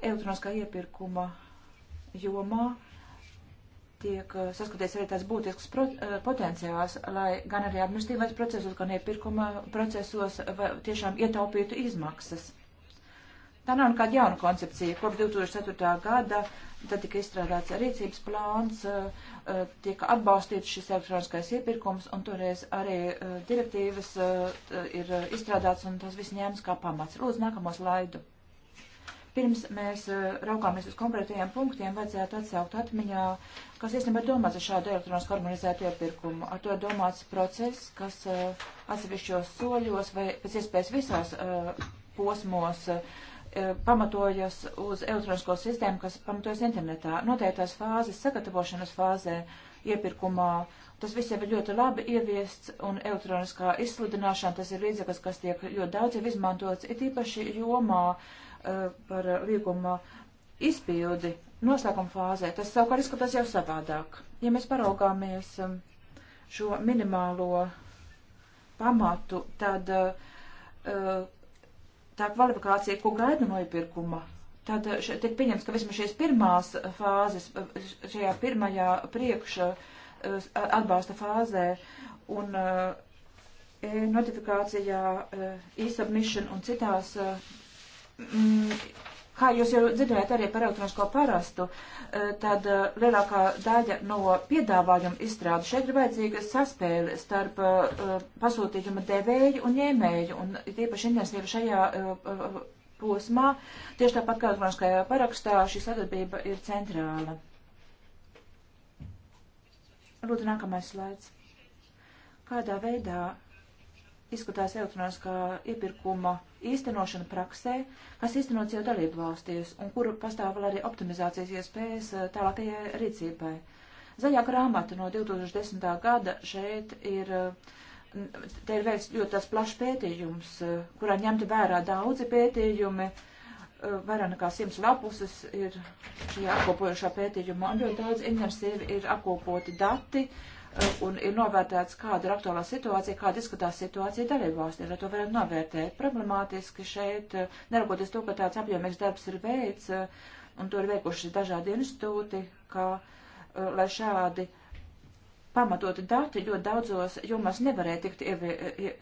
elektroniskā iepirkuma jomā tiek eh, saskatīts arī tās būtisks eh, potenciāls, lai gan arī administratīvais procesos, gan iepirkuma procesos eh, tiešām ietaupītu izmaksas. Tā nav nekāda jauna koncepcija. Kopš 2004. gada tad tika izstrādāts rīcības plāns, tika atbalstīts šis elektroniskais iepirkums, un toreiz arī direktīvas ir izstrādāts, un tas viss ņēmas kā pamats. Lūdzu, nākamo slaidu pirms mēs eh, raugāmies uz konkrētajiem punktiem, vajadzētu atsaukt atmiņā, kas īstenībā domāts ar šādu elektronisku organizētu iepirkumu. Ar to domāts process, kas eh, atsevišķos soļos vai pēc iespējas visās eh, posmos pamatojas uz elektronisko sistēmu, kas pamatojas internetā. Noteiktās fāzes, sagatavošanas fāzē, iepirkumā, tas viss jau ir ļoti labi ieviests, un elektroniskā izsludināšana tas ir līdzeklis, kas tiek ļoti daudz jau izmantots, it īpaši jomā, Eh, par līguma izpildi noslēguma fāzē, tas savukārt izskatās jau savādāk. Ja mēs paraugāmies eh, šo minimālo pamatu, tad eh, tā kvalifikācija, ko gaida no iepirkuma, tad tiek pieņemts, ka vismaz šīs pirmās fāzes, šajā pirmajā priekša atbalsta fāzē un e notifikācijā, e-submission un citās Mm, kā jūs jau dzirdējāt arī par elektronisko parastu, e, tad e, lielākā daļa no piedāvājuma izstrādes šeit ir vajadzīga saspēle starp e, pasūtījuma devēju un ņēmēju, un tīpaši intensīvi šajā posmā, tieši tāpat kā elektroniskajā parakstā, šī sadarbība ir centrāla. Lūdzu, nākamais slaids. Kādā veidā izskatās elektroniskā iepirkuma īstenošana praksē, kas īstenots jau dalību valstīs un kur pastāv vēl arī optimizācijas iespējas eh, tālākajai rīcībai. Zaļā grāmata no 2010. gada šeit ir, eh, te ir veikts ļoti tas plašs pētījums, eh, kurā ņemti vērā daudzi pētījumi, vairāk nekā simts lapuses ir šajā apkopojušā pētījumā, un ļoti daudz imersīvi ir apkopoti dati, uh, Eh, un ir novērtēts, kāda ir aktuālā situācija, kāda izskatās situācija dalībvalstī, lai to varētu novērtēt. Problemātiski šeit, eh, neraugoties to, ka tāds apjomīgs darbs ir veids, eh, un to ir veikuši dažādi institūti, ka, lai šādi pamatoti dati ļoti daudzos jomās nevarēja tikt ievi, ie,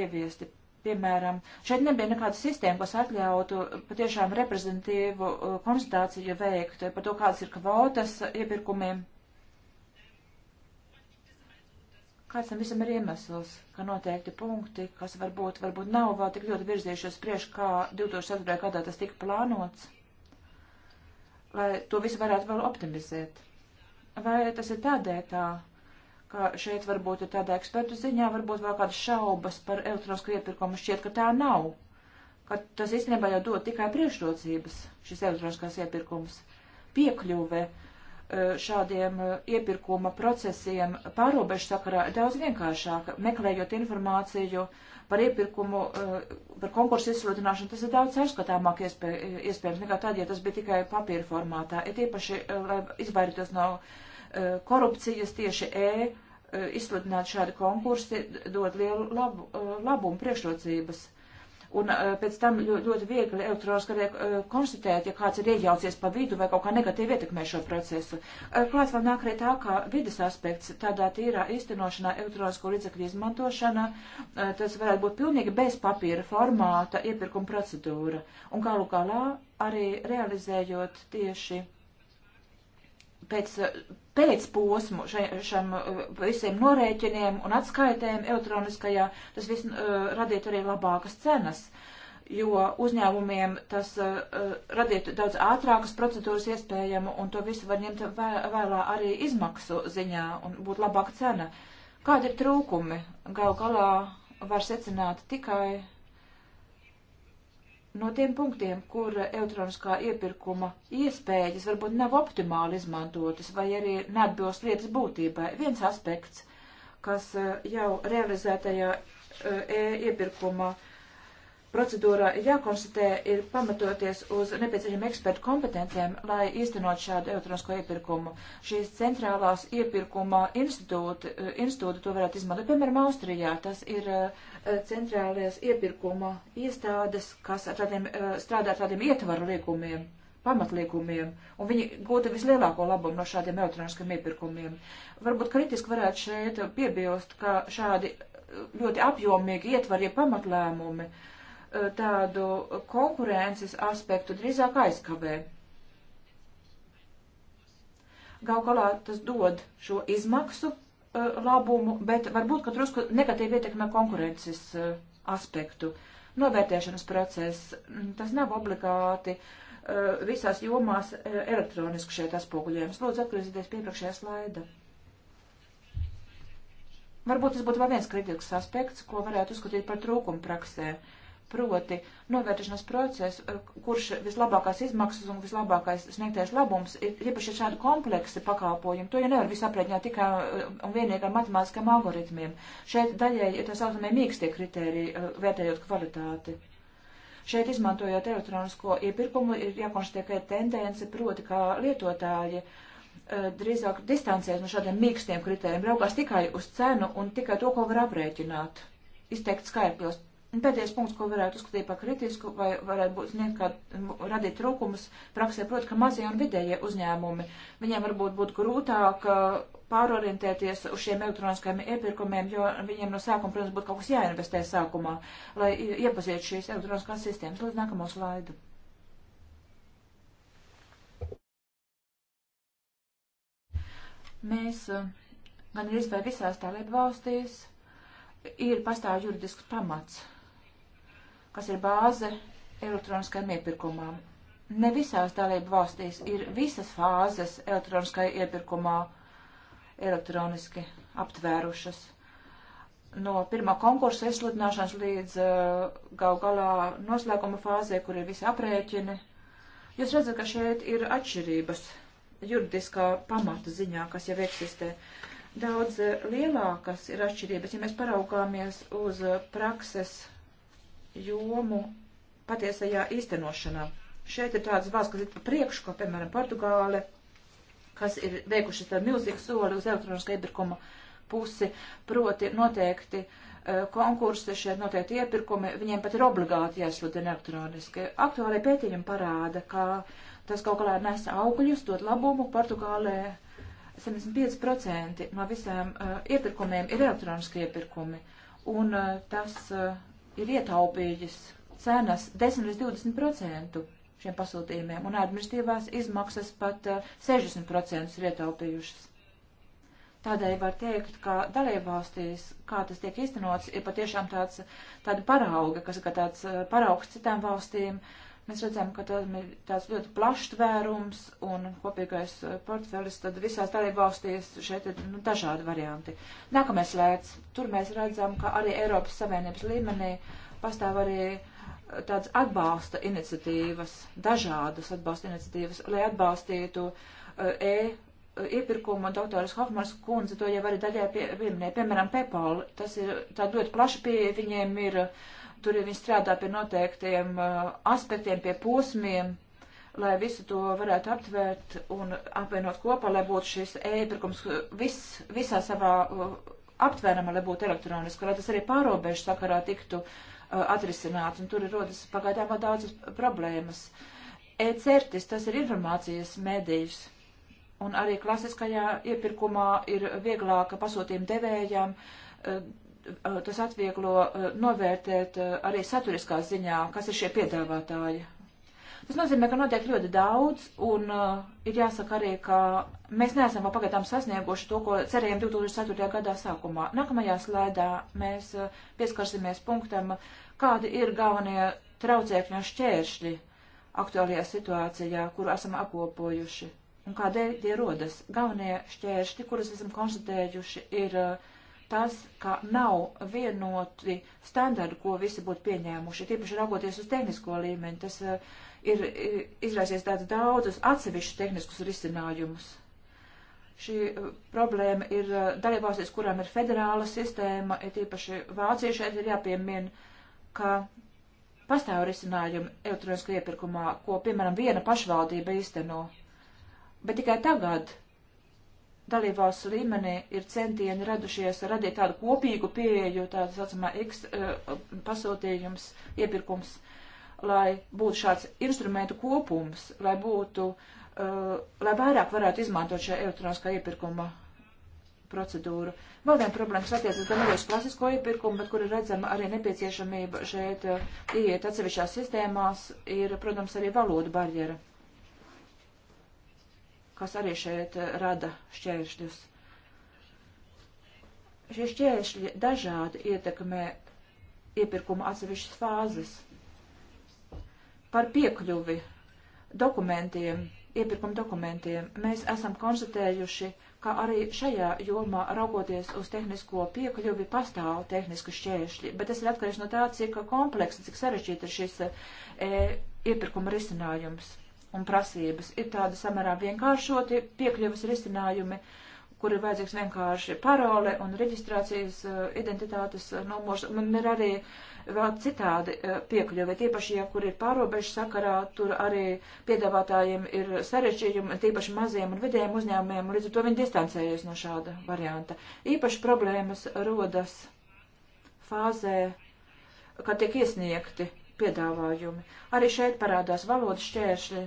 ieviesti. Piemēram, šeit nebija nekāda sistēma, kas atļautu patiešām reprezentatīvu konstatāciju veikt par to, kādas ir kvotas iepirkumiem Kāds tam visam ir iemesls, ka noteikti punkti, kas varbūt, varbūt nav vēl tik ļoti virzījušies priekš, kā 2004. gadā tas tika plānots, lai to visu varētu vēl optimizēt? Vai tas ir tādēļ tā, ka šeit varbūt ir tāda ekspertu ziņā, varbūt vēl kādas šaubas par elektronisku iepirkumu šķiet, ka tā nav, ka tas īstenībā jau dod tikai priekšrocības, šis elektroniskās iepirkums, piekļuve Eh, šādiem eh, iepirkuma procesiem pārobežu sakarā daudz vienkāršāk. Meklējot informāciju par iepirkumu, eh, par konkursu izsludināšanu, tas ir daudz saskatāmāk iespē, iespējams nekā tad, ja tas bija tikai papīra formātā. Ir tiepaši, lai izvairītos no korupcijas, tieši E izsludināt šādi konkursi dod lielu labu, labumu priekšrocības un eh, pēc tam ļoti viegli elektroniski arī eh, konstatēt, ja kāds ir iejaucies pa vidu vai kaut kā negatīvi ietekmē šo procesu. Eh, klāt vēl nāk arī tā, kā vidas aspekts tādā tīrā īstenošanā elektronisko līdzekļu izmantošana, tas varētu būt pilnīgi bez papīra formāta iepirkuma procedūra. Un galu galā arī realizējot tieši pēc pēcposmu šiem uh, visiem norēķiniem un atskaitēm elektroniskajā, tas viss uh, radītu arī labākas cenas, jo uzņēmumiem tas uh, uh radītu daudz ātrākas procedūras iespējamu un to visu var ņemt vē, vēlā arī izmaksu ziņā un būt labāka cena. Kādi ir trūkumi? Gal galā var secināt tikai no tiem punktiem, kur elektroniskā iepirkuma iespējas varbūt nav optimāli izmantotas vai arī neatbilst lietas būtībai. Viens aspekts, kas eh, jau realizētajā e eh, iepirkuma procedūrā ir jākonstatē, ir pamatoties uz nepieciešamiem ekspertu kompetencijiem, lai īstenot šādu elektronisko iepirkumu. Šīs centrālās iepirkuma institūta, eh, institūta to varētu izmantot, piemēram, Austrijā. Tas ir uh, Eh, centrālajās iepirkuma iestādes, kas ar tādiem, eh, strādā ar tādiem ietvaru liekumiem, pamatliekumiem, un viņi gūta vislielāko labumu no šādiem elektroniskiem iepirkumiem. Varbūt kritiski varētu šeit piebilst, ka šādi eh, ļoti apjomīgi ietvarie pamatlēmumi tādu konkurences aspektu drīzāk aizkavē. Gal galā tas dod šo izmaksu uh, labumu, bet varbūt, ka drusku negatīvi ietekmē konkurences uh, aspektu. Novērtēšanas process, mm, tas nav obligāti uh, visās jomās elektroniski šeit atspoguļojums. Lūdzu, atgriezieties pie priekšējā slaida. Varbūt tas būtu vēl viens kritisks aspekts, ko varētu uzskatīt par trūkumu praksē. Uh, proti novērtēšanas process, eh, kurš vislabākās izmaksas un vislabākais sniegtais labums, īpaši šādi kompleksi pakalpojumi, to jau nevar visu aprēķināt tikai eh, un vienīgi ar matemātiskiem algoritmiem. Šeit daļēji ir tā saucamie mīkstie kriteriji, eh, vērtējot kvalitāti. Šeit izmantojot elektronisko iepirkumu ir jākonstatē, ka ir tendence, proti, kā lietotāji drīzāk distancēs no šādiem mīkstiem kritērijiem, raugās tikai uz cenu un tikai to, ko var aprēķināt izteikt skaitļos. Pēdējais punkts, ko varētu uzskatīt par kritisku, vai varētu būt sniegt kādu radīt trūkumus praksē, proti, ka mazie un vidējie uzņēmumi, viņiem varbūt būtu grūtāk pārorientēties uz šiem elektroniskajiem iepirkumiem, jo viņiem no sākuma, protams, būtu kaut kas jāinvestē sākumā, lai iepazītu šīs elektroniskās sistēmas. Līdz nākamo slaidu. Mēs gan arī visās tā valstīs ir pastāv juridisks pamats kas ir bāze elektroniskajam iepirkumam. Ne visās dalību valstīs ir visas fāzes elektroniskajā iepirkumā elektroniski aptvērušas. No pirmā konkursa izsludināšanas līdz uh, gal galā noslēguma fāzē, kur ir visi aprēķini, Jūs redzat, ka šeit ir atšķirības juridiskā pamata ziņā, kas jau eksistē. Daudz uh, lielākas ir atšķirības, ja mēs paraugāmies uz prakses jomu patiesajā īstenošanā. Šeit ir tādas valsts, kas ir pa priekšu, kā piemēram Portugāle, kas ir veikušas tādu milzīgu soli uz elektroniskā iepirkuma pusi, proti noteikti uh, konkursi, šeit noteikti iepirkumi, viņiem pat ir obligāti jāsludina elektroniski. Aktuālajā pētījuma parāda, ka tas kaut kādā nes augļus, dod labumu Portugālē. 75% no visiem uh, iepirkumiem ir elektroniski iepirkumi, un uh, tas uh, ir ietaupījis cenas 10 līdz 20 procentu šiem pasūtījumiem, un administratīvās izmaksas pat 60 eh, procentus ir ietaupījušas. Tādēļ var teikt, ka dalībvalstīs, kā tas tiek īstenots, ir patiešām tāds, tāda parauga, kas ir kā tāds eh, paraugs citām valstīm, uh, Mēs redzam, ka tā, tās ļoti plašs tvērums un kopīgais eh, portfelis, tad visās dalībvalstīs šeit ir nu, dažādi varianti. Nākamais slēdz, tur mēs redzam, ka arī Eiropas Savienības līmenī pastāv arī eh, tādas atbalsta iniciatīvas, dažādas atbalsta iniciatīvas, lai atbalstītu uh, e iepirkumu, un doktoras Hofmars kundze to jau arī daļai pie, pieminēja, piemēram, PayPal, tas ir tāda ļoti plaša pieeja, viņiem ir uh, Tur viņi strādā pie noteiktiem uh, aspektiem, pie posmiem, lai visu to varētu aptvērt un apvienot kopā, lai būtu šis e-pirkums uh, vis, visā savā uh, aptvērama, lai būtu elektroniski, lai tas arī pārobežu sakarā tiktu uh, atrisināts, un tur ir rodas pagaidām vēl daudzas problēmas. E-certis, tas ir informācijas mēdījis, un arī klasiskajā iepirkumā ir vieglāka pasūtījuma devējām uh, Uh, tas atvieglo uh, novērtēt uh, arī saturiskā ziņā, kas ir šie piedāvātāji. Tas nozīmē, ka notiek ļoti daudz, un uh, ir jāsaka arī, ka mēs neesam vēl pagaidām sasnieguši to, ko cerējām 2004. gadā sākumā. Nākamajā slaidā mēs uh, pieskarsimies punktam, kādi ir galvenie traucēkļi un šķēršļi aktuālajā situācijā, kuru esam apkopojuši, un kādēļ tie rodas. Galvenie šķēršļi, kurus esam konstatējuši, ir uh, tas, ka nav vienoti standarti, ko visi būtu pieņēmuši. Tiepaši raugoties uz tehnisko līmeni, tas uh, ir, ir izraisies tāds daudzus atsevišķus tehniskus risinājumus. Šī uh, problēma ir uh, dalībvalstīs, kurām ir federāla sistēma, ir tiepaši Vācija šeit ir jāpiemina, ka pastāv risinājumi elektroniskajā iepirkumā, ko, piemēram, viena pašvaldība īsteno. Bet tikai tagad dalībvalsts līmenī ir centieni radušies radīt tādu kopīgu pieeju, tāda saucamā X eh, pasūtījums, iepirkums, lai būtu šāds instrumentu kopums, lai būtu, eh, lai vairāk varētu izmantot šajā elektroniskā iepirkuma procedūru. Vēl viena problēma attiecas gan arī uz klasisko iepirkumu, bet kur ir redzama arī nepieciešamība šeit eh, iet atsevišķās sistēmās, ir, protams, arī valoda barjera kas arī šeit eh, rada šķēršļus. Šie šķēršļi dažādi ietekmē iepirkuma atsevišķas fāzes. Par piekļuvi dokumentiem, iepirkuma dokumentiem, mēs esam konstatējuši, ka arī šajā jomā, raugoties uz tehnisko piekļuvi, pastāv tehniski šķēršļi, bet tas ir atkarīgs no tā, cik kompleksni, cik sarežģīti ir šis e, iepirkuma risinājums un prasības. Ir tādi samērā vienkāršoti piekļuvas risinājumi, kur ir vajadzīgs vienkārši parole un reģistrācijas uh, identitātes uh, numurs. Man ir arī vēl citādi uh, piekļuvi, tīpaši, ja kur ir pārobežu sakarā, tur arī piedāvātājiem ir sarežģījumi, tīpaši maziem un vidējiem uzņēmumiem, līdz ar to viņi distancējas no šāda varianta. Īpaši problēmas rodas fāzē, kad tiek iesniegti piedāvājumi. Arī šeit parādās valodas šķēršļi,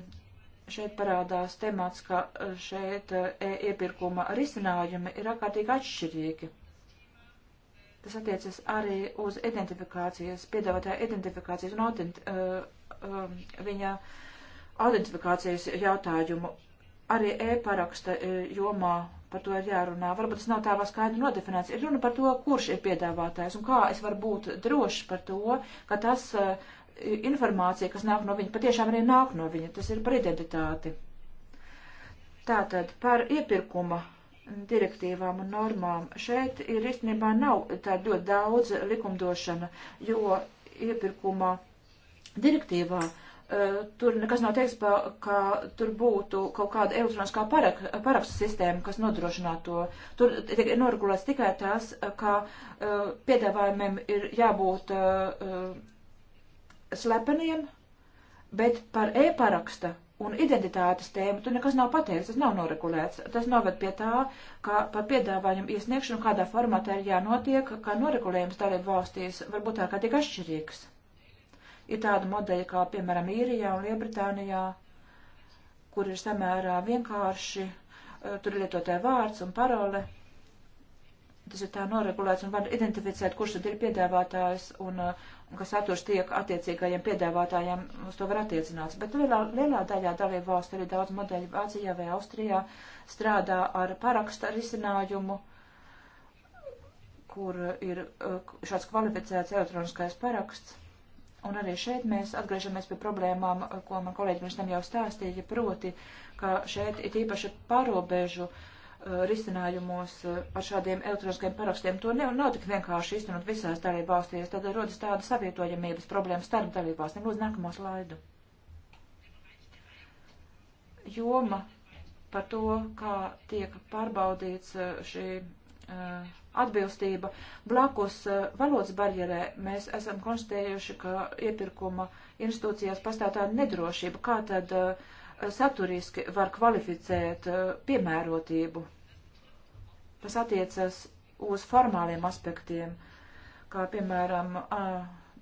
šeit parādās temats, ka eh, šeit eh, e iepirkuma risinājumi ir ārkārtīgi atšķirīgi. Tas attiecas arī uz identifikācijas, piedāvātāja identifikācijas un audent, uh, eh, uh, um, viņa identifikācijas jautājumu. Arī e-paraksta jomā par to ir jārunā. Varbūt tas nav tā vēl skaidri nodefinēts. Ir runa par to, kurš ir piedāvātājs un kā es varu būt drošs par to, ka tas uh, informācija, kas nāk no viņa, patiešām arī nāk no viņa. Tas ir par identitāti. Tātad par iepirkuma direktīvām un normām. Šeit ir īstenībā nav tā ļoti daudz likumdošana, jo iepirkuma direktīvā uh, tur nekas nav teiks, pa, ka tur būtu kaut kāda elektroniskā parak, parakstu sistēma, kas nodrošinātu to. Tur tiek noregulēts tikai tās, ka uh, piedāvājumiem ir jābūt uh, slepeniem, bet par e-paraksta un identitātes tēmu tur nekas nav pateikts, tas nav noregulēts. Tas noved pie tā, ka par piedāvājumu iesniegšanu kādā formatā ir jānotiek, kā noregulējums dalību valstīs var būt ārkārtīgi atšķirīgs. Ir tāda modeļa kā, piemēram, Īrijā un Liebritānijā, kur ir samērā vienkārši, eh, tur ir lietotāja vārds un parole. Tas ir tā noregulēts un var identificēt, kurš tad ir piedāvātājs un uh, kas saturs tiek attiecīgajiem piedāvātājiem, uz to var attiecināts. Bet lielā, lielā daļā dalību valstu arī daudz modeļu Vācijā vai Austrijā strādā ar paraksta risinājumu, kur ir eh, šāds kvalificēts elektroniskais paraksts. Un arī šeit mēs atgriežamies pie problēmām, ko man kolēģi pirms tam jau stāstīja, proti, ka šeit ir īpaši pārobežu uh, Uh, risinājumos uh, ar šādiem elektroniskiem parakstiem. To nav, nav tik vienkārši iztenot visās dalībvalstīs. Tad rodas tāda savietojamības problēma starp dalībvalstīm. Lūdzu, nākamo slaidu. Joma par to, kā tiek pārbaudīts uh, šī uh, atbilstība. Blakus uh, valodas barjerē mēs esam konstatējuši, ka iepirkuma institūcijās pastāv tāda nedrošība. Kā tad uh, saturiski var kvalificēt eh, piemērotību, kas attiecas uz formāliem aspektiem, kā piemēram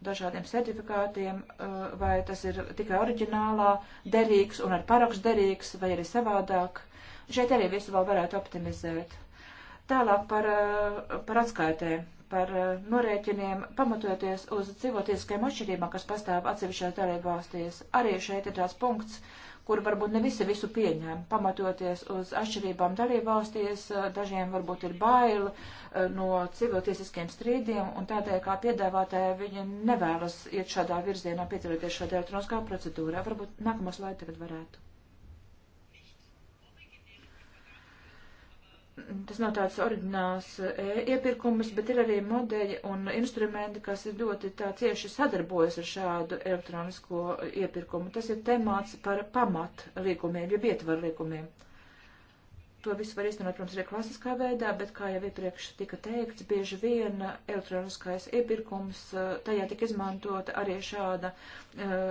dažādiem certifikātiem, vai tas ir tikai oriģinālā derīgs un ar parakstu derīgs, vai arī savādāk. Šeit arī visu vēl varētu optimizēt. Tālāk par, par atskaitēm, par norēķiniem, pamatoties uz dzīvotieskajām atšķirībām, kas pastāv atsevišķās dalībvalstīs. Arī šeit ir tās punkts, uh, kur varbūt ne visi visu pieņēma, pamatoties uz atšķirībām dalībvalstīs, eh, dažiem varbūt ir bail eh, no civiltiesiskiem strīdiem, un tādēļ, kā piedāvātāja, viņi nevēlas iet šādā virzienā, piedalīties šādā elektroniskā procedūrā. Varbūt nākamos laiku tagad varētu. tas nav tāds oriģināls e iepirkums, bet ir arī modeļi un instrumenti, kas ļoti tā cieši sadarbojas ar šādu elektronisko iepirkumu. Tas ir temāts par pamat līgumiem, jeb ietvaru līgumiem. To visu var iztenot, protams, arī klasiskā veidā, bet, kā jau iepriekš tika teikts, bieži vien elektroniskais iepirkums, e, tajā tika izmantota arī šāda e,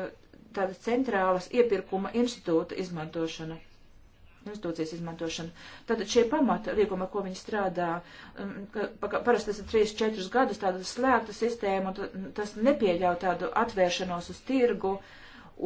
tāda centrālas iepirkuma institūta izmantošana institūcijas izmantošanu. Tātad šie pamata līguma, ko viņi strādā, um, ka, parasti tas ir 3-4 gadus, tāda slēgta sistēma, un tas nepieļauj tādu atvēršanos uz tirgu,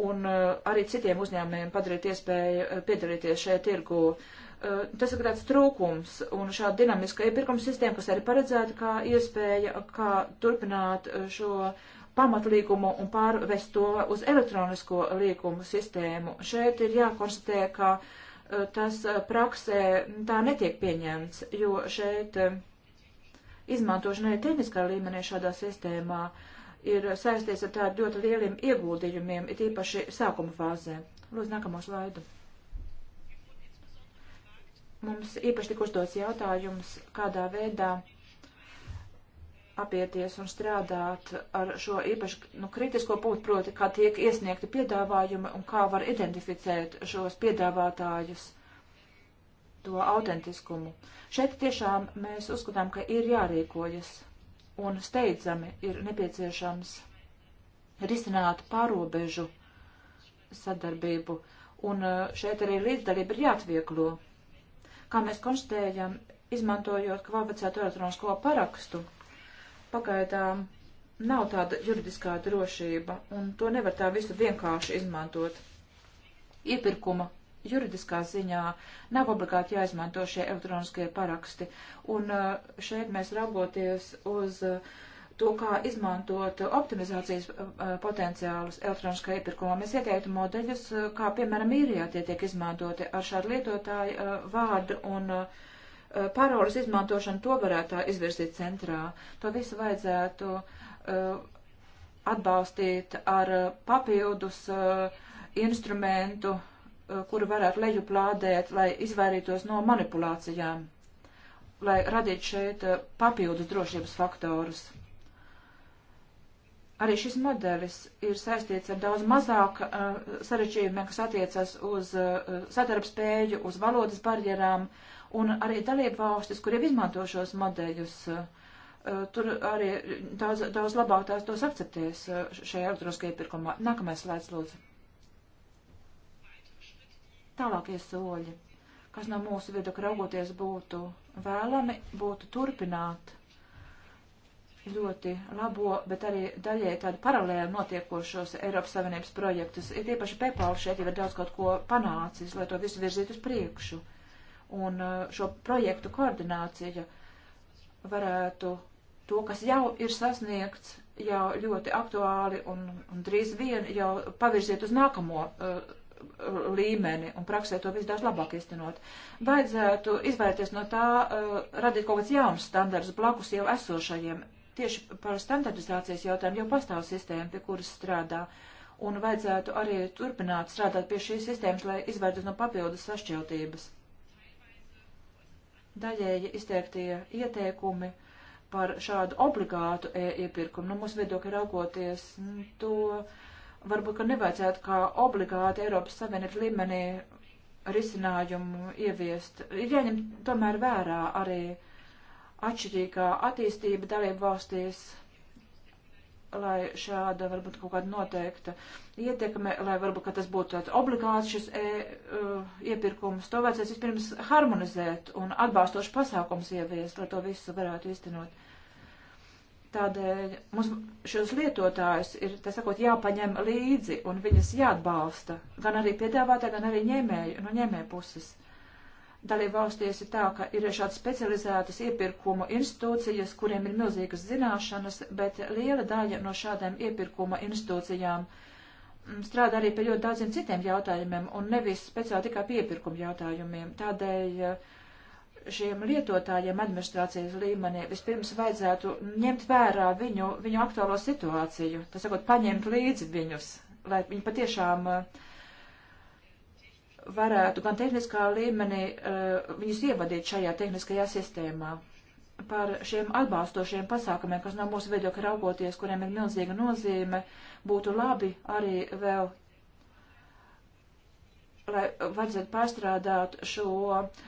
un uh, arī citiem uzņēmējiem padarīt iespēju uh, piedalīties šajā tirgu. Uh, tas ir tāds trūkums, un šāda dinamiska iepirkuma sistēma, kas arī paredzēta kā iespēja, kā turpināt šo pamatlīgumu un pārvest to uz elektronisko līgumu sistēmu. Šeit ir jākonstatē, ka uh, tas eh, praksē tā netiek pieņemts, jo šeit eh, izmantošana arī tehniskā līmenī šādā sistēmā ir saistīts ar tādiem ļoti lieliem ieguldījumiem, it īpaši sākuma fāzē. Lūdzu, nākamo slaidu. Mums īpaši tika uzdots jautājums, kādā veidā apieties un strādāt ar šo īpaši nu, kritisko punktu, proti, kā tiek iesniegti piedāvājumi un kā var identificēt šos piedāvātājus, to autentiskumu. Šeit tiešām mēs uzskatām, ka ir jārīkojas un steidzami ir nepieciešams risināt pārobežu sadarbību, un uh, šeit arī līdzdalība ir jāatvieglo. Kā mēs konstatējam, izmantojot kvalificētu elektronisko parakstu, pagaidām nav tāda juridiskā drošība, un to nevar tā visu vienkārši izmantot. Iepirkuma juridiskā ziņā nav obligāti jāizmanto šie elektroniskie paraksti, un uh, šeit mēs raugoties uz uh, to, kā izmantot optimizācijas uh, potenciālus elektroniskā iepirkumā. Mēs ieteiktu modeļus, kā piemēram īrijā tie tiek izmantoti ar šādu lietotāju vārdu un uh, Eh, pāraules izmantošanu, to varētu izvirzīt centrā. To visu vajadzētu eh, atbalstīt ar eh, papildus instrumentu, kuru varētu lejuplādēt, lai izvairītos no manipulācijām, lai radītu šeit papildus drošības faktorus. Arī šis modelis ir saistīts ar daudz mazāk uh, sarežģījumiem, kas attiecas uz uh, sadarbspēju, uz valodas barjerām, uh, un arī dalību valstis, kuriem izmanto šos modeļus, eh, tur arī daudz, daudz labāk tās tos akceptēs eh, šajā elektroniskajā iepirkumā. Nākamais slaids, lūdzu. Tālākie soļi, kas no mūsu viedokļa raugoties būtu vēlami, būtu turpināt ļoti labo, bet arī daļai tādu paralēli notiekošos Eiropas Savienības projektus. Ir īpaši PayPal šeit jau ir daudz kaut ko panācis, lai to visu virzītu uz priekšu. Uh, un uh, šo projektu koordinācija varētu to, kas jau ir sasniegts, jau ļoti aktuāli un, un drīz vien jau pavirziet uz nākamo uh, līmeni un praksē to visu daudz labāk iztenot. Vajadzētu izvairīties no tā, uh, radīt kaut kāds jauns standarts blakus jau esošajiem. Tieši par standartizācijas jautājumu jau pastāv sistēma, pie kuras strādā. Un vajadzētu arī turpināt strādāt pie šīs sistēmas, lai izvairītos no papildus sašķeltības daļēji izteiktie ieteikumi par šādu obligātu e iepirkumu. Nu, mūsu viedokļi raugoties, nu, to varbūt, ka nevajadzētu kā obligāti Eiropas Savienības līmenī risinājumu ieviest. Ir jāņem tomēr vērā arī atšķirīgā attīstība dalību valstīs lai šāda varbūt kaut kāda noteikta ietekme, lai varbūt, ka tas būtu tāds obligāts šis e, uh, iepirkums, to vajadzēs vispirms harmonizēt un atbalstoši pasākums ieviest, lai to visu varētu iztenot. Tādēļ mums šos lietotājus ir, tā sakot, jāpaņem līdzi un viņas jāatbalsta, gan arī piedāvātā, gan arī ņēmēju, no ņēmēju puses. Uh, dalībvalstīs ir tā, ka ir šādas specializētas iepirkumu institūcijas, kuriem ir milzīgas zināšanas, bet liela daļa no šādām iepirkuma institūcijām mm, strādā arī pie ļoti daudziem citiem jautājumiem un nevis speciāli tikai pie iepirkumu jautājumiem. Tādēļ eh, šiem lietotājiem administrācijas līmenī vispirms vajadzētu ņemt vērā viņu, viņu aktuālo situāciju, tas sakot, paņemt līdzi viņus, lai viņi patiešām uh, varētu gan tehniskā līmenī uh, viņus ievadīt šajā tehniskajā sistēmā. Par šiem atbalstošiem pasākumiem, kas no mūsu viedokļa raugoties, kuriem ir milzīga nozīme, būtu labi arī vēl, lai vajadzētu pārstrādāt šo uh,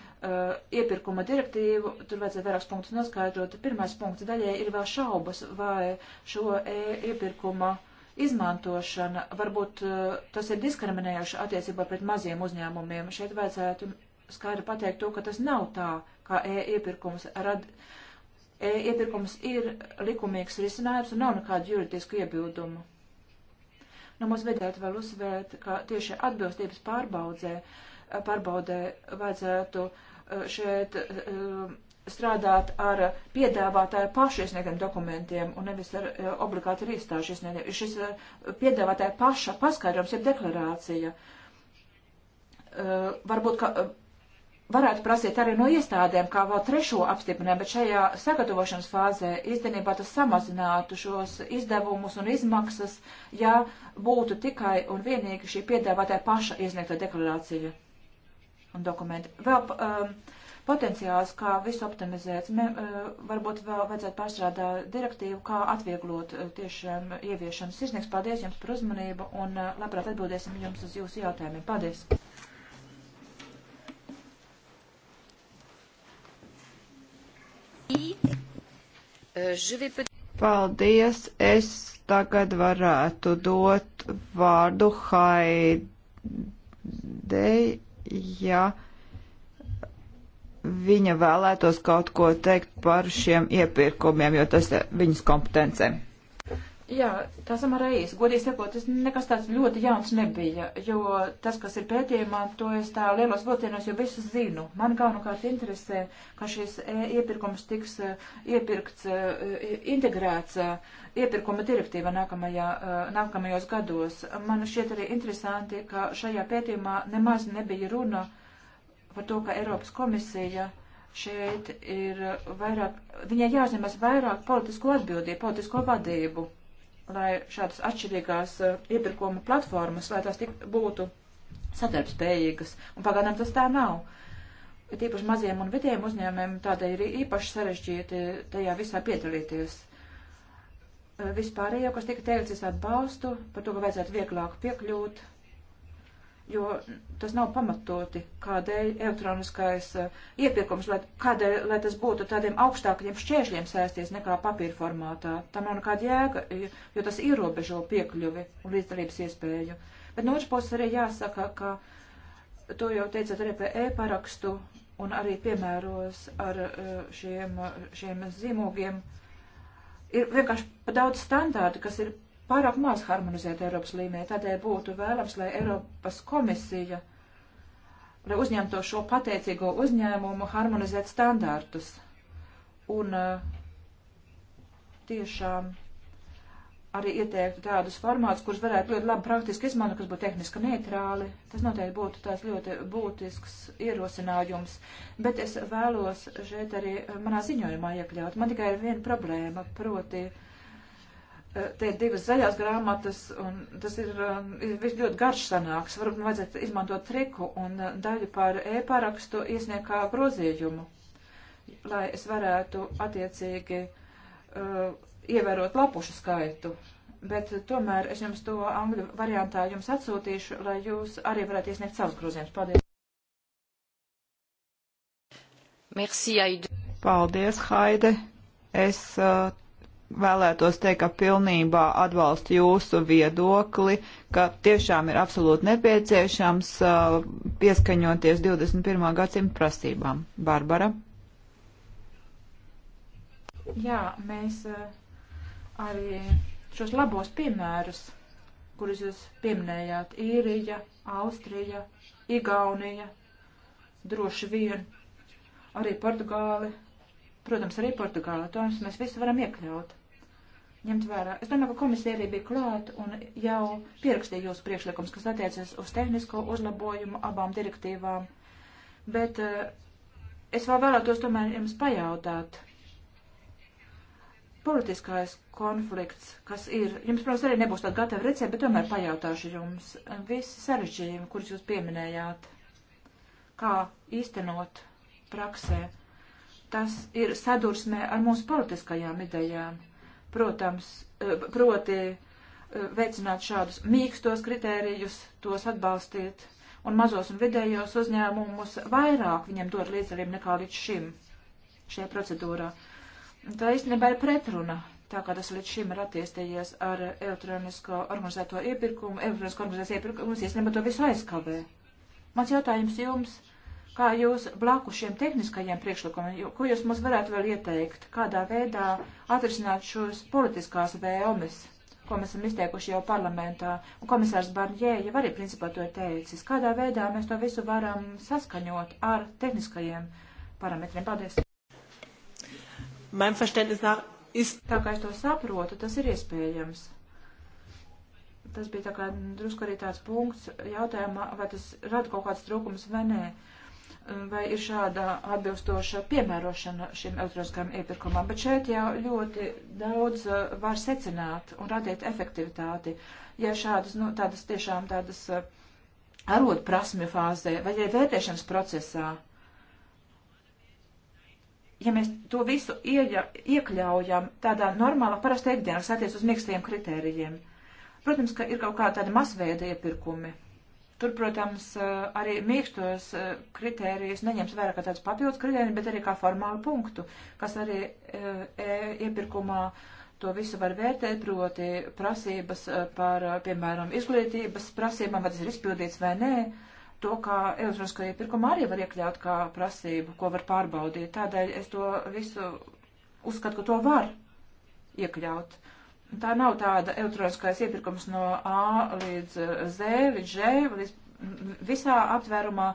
iepirkuma direktīvu, tur vajadzētu vairākus punktus noskaidrot. Pirmais punkts daļai ir vēl šaubas, vai šo e iepirkuma direktīvu izmantošana, varbūt eh, tas ir diskriminējoši attiecībā pret maziem uzņēmumiem. Šeit vajadzētu skaidri pateikt to, ka tas nav tā, kā e-iepirkums rad. E-iepirkums ir likumīgs risinājums un nav nekādu juridisku iebildumu. Nu, mums vajadzētu vēl uzsvērt, ka tieši atbilstības pārbaudzē, pārbaudē vajadzētu eh, šeit eh, strādāt ar piedāvātāju pašu iesniegtiem dokumentiem un nevis ar eh, obligāti ar iestāžu iesniegtiem. Šis eh, piedāvātāja paša paskaidrojums ir deklarācija. Eh, varbūt, ka varētu prasīt arī no iestādēm, kā vēl trešo apstiprinājumu, bet šajā sagatavošanas fāzē īstenībā tas samazinātu šos izdevumus un izmaksas, ja būtu tikai un vienīgi šī piedāvātāja paša iesniegta deklarācija un dokumenti. Vēl, um, Potenciāls, kā visu optimizēt, Me, varbūt vēl vajadzētu pārstrādāt direktīvu, kā atvieglot tiešām ieviešanu. Sirsnieks, paldies jums par uzmanību un labprāt atbildēsim jums uz jūsu jautājumiem. Paldies! Paldies! Es tagad varētu dot vārdu Haidei, ja viņa vēlētos kaut ko teikt par šiem iepirkumiem, jo tas ir viņas kompetencē. Jā, tā esam arī īsi. Godīgi sakot, tas nekas tāds ļoti jauns nebija, jo tas, kas ir pētījumā, to es tā lielos vilcienos jau visu zinu. Man galvenokārt interesē, ka šis e, iepirkums tiks e, iepirkts, e, integrēts iepirkuma direktīva nākamajā, nākamajos gados. Man šķiet arī interesanti, ka šajā pētījumā nemaz nebija runa par par to, ka Eiropas komisija šeit ir vairāk, viņai jāuzņemas vairāk politisko atbildību, politisko vadību, lai šādas atšķirīgās eh, iepirkuma platformas, lai tās tik būtu sadarbspējīgas. Un pagaidām tas tā nav. Ir tīpaši maziem un vidiem uzņēmumiem tādēļ ir īpaši sarežģīti tajā visā piedalīties. Eh, vispārējo, kas tika teikts, es atbalstu par to, ka vajadzētu vieglāk piekļūt jo tas nav pamatoti, kādēļ elektroniskais eh, iepirkums, lai, kādēļ, lai tas būtu tādiem augstākiem šķēršļiem sēsties nekā papīra formātā. Tam nav nekāda jēga, jo tas ierobežo piekļuvi un līdzdalības iespēju. Bet no otras puses arī jāsaka, ka to jau teicat arī par e-parakstu un arī piemēros ar eh, šiem, šiem zīmogiem. Ir vienkārši pa daudz standārtu, kas ir pārāk maz harmonizēta Eiropas līmenī. Tādēļ būtu vēlams, lai Eiropas komisija, lai uzņemto šo pateicīgo uzņēmumu, harmonizēt standārtus. Un eh, tiešām arī ieteiktu tādus formātus, kurus varētu ļoti labi praktiski izmantot, kas būtu tehniski neitrāli. Tas noteikti būtu tāds ļoti būtisks ierosinājums. Bet es vēlos šeit arī eh, manā ziņojumā iekļaut. Man tikai ir viena problēma, proti. Uh, Eh, te ir divas zaļās grāmatas, un tas ir, eh, ir viss ļoti garš sanāks. Varbūt vajadzētu izmantot triku un eh, daļu par e-parakstu iesniegt kā grozījumu, lai es varētu attiecīgi uh, ievērot lapušu skaitu. Bet tomēr es jums to angļu variantā jums atsūtīšu, lai jūs arī varētu iesniegt savus grozījumus. Paldies! Merci, Aide. Paldies, Haide! Es uh, vēlētos teikt, ka pilnībā atbalstu jūsu viedokli, ka tiešām ir absolūti nepieciešams uh, pieskaņoties 21. gadsimta prasībām. Barbara? Jā, mēs uh, arī šos labos piemērus, kurus jūs pieminējāt, īrija, Austrija, Igaunija, droši vien arī Portugāli, protams, arī Portugāli, to mēs visi varam iekļaut ņemt vērā. Es domāju, ka komisija arī bija klāt un jau pierakstīja jūsu priekšlikums, kas attiecas uz tehnisko uzlabojumu abām direktīvām. Bet eh, es vēl vēlētos tomēr jums pajautāt. Politiskais konflikts, kas ir, jums, protams, arī nebūs tāda gatava recepte, bet tomēr pajautāšu jums eh, visi sarežģījumi, kurus jūs pieminējāt, kā īstenot praksē. Tas ir sadursmē ar mūsu politiskajām idejām protams, eh, proti eh, veicināt šādus mīkstos kritērijus, tos atbalstīt, un mazos un vidējos uzņēmumus vairāk viņiem dot līdzekļiem nekā līdz šim šajā procedūrā. Tā īstenībā ir pretruna, tā kā tas līdz šim ir attīstījies ar elektronisko organizēto iepirkumu, elektronisko organizēto iepirkumu, īstenībā to visu aizkavē. Mans jautājums jums kā jūs blakus šiem tehniskajiem priekšlikumiem, ko jūs mums varētu vēl ieteikt, kādā veidā atrisināt šos politiskās vēlmes, ko mēs esam izteikuši jau parlamentā, un komisārs Barņē jau arī principā to ir teicis, kādā veidā mēs to visu varam saskaņot ar tehniskajiem parametriem. Paldies! Mein Verständnis nach ist... Tā kā es to saprotu, tas ir iespējams tas bija tā kā drusku arī tāds punkts jautājumā, vai tas rada kaut kāds trūkums vai nē vai ir šāda atbilstoša piemērošana šim elektroniskajam iepirkumam, bet šeit jau ļoti daudz uh, var secināt un radīt efektivitāti, ja šādas, nu, tādas tiešām tādas uh, arot prasmju fāzē vai arī vērtēšanas procesā. Ja mēs to visu ieja, iekļaujam tādā normālā, parasta ikdienā, sāties uz mīkstiem kritērijiem, protams, ka ir kaut kādi tādi masveida iepirkumi. Tur, protams, eh, arī mīkstos eh, kritērijus neņems vairāk kā tāds papildus kritērijus, bet arī kā formālu punktu, kas arī eh, e, iepirkumā to visu var vērtēt, proti prasības par, piemēram, izglītības prasībām, vai tas ir izpildīts vai nē. To, kā elektroniskā iepirkuma arī var iekļaut kā prasību, ko var pārbaudīt. Tādēļ es to visu uzskatu, ka to var iekļaut. Uh, tā nav tāda elektroniskais iepirkums no A līdz Z, līdz Ž, līdz visā aptvērumā,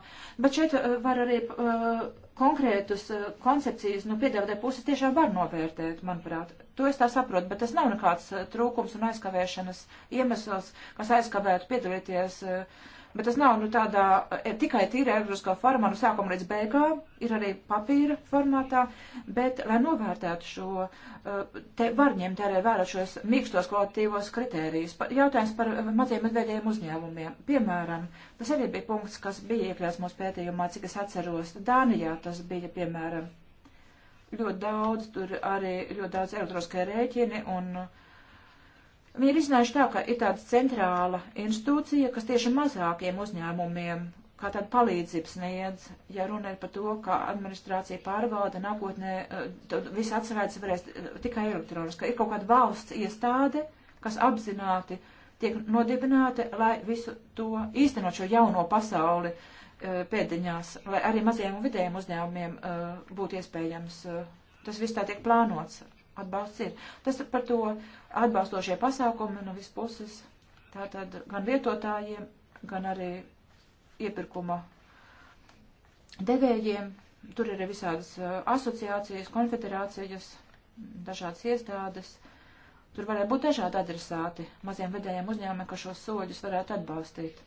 bet šeit eh, var arī eh, konkrētus eh, koncepcijas no nu, piedāvātāja puses tiešām var novērtēt, manuprāt. To es tā saprotu, bet tas nav nekāds trūkums un aizkavēšanas iemesls, kas aizkavētu piedalīties uh, bet tas nav nu, tādā e, tikai tīra elektriskā formā, no nu, sākuma līdz beigām, ir arī papīra formātā, bet, lai novērtētu šo, e, te var ņemt arī vērā šos mīkstos kvalitīvos kritērijus. Jautājums par e, maziem medveģiem uzņēmumiem. Piemēram, tas arī bija punkts, kas bija iekļauts mūsu pētījumā, cik es atceros. Dānijā tas bija, piemēram, ļoti daudz, tur arī ļoti daudz elektroskai rēķini un uh, Viņi ir izcinājuši tā, ka ir tāda centrāla institūcija, kas tieši mazākiem uzņēmumiem kā tāda palīdzības sniedz, ja runa ir par to, ka administrācija pārvalda nākotnē, eh, visi atsevērts varēs eh, tikai elektroniski. Ir kaut kāda valsts iestāde, kas apzināti tiek nodibināti, lai visu to īstenot šo jauno pasauli eh, pēdiņās, lai arī mazajiem un vidējiem uzņēmumiem būtu iespējams. Tas viss tā tiek plānots. Atbalsts ir. Tas par to atbalstošie pasākumi no vispuses, tātad gan lietotājiem, gan arī iepirkuma devējiem. Tur ir arī visādas asociācijas, konfederācijas, dažādas iestādes. Tur varētu būt dažādi adresāti maziem vedējiem uzņēmumiem, kas šos soļus varētu atbalstīt.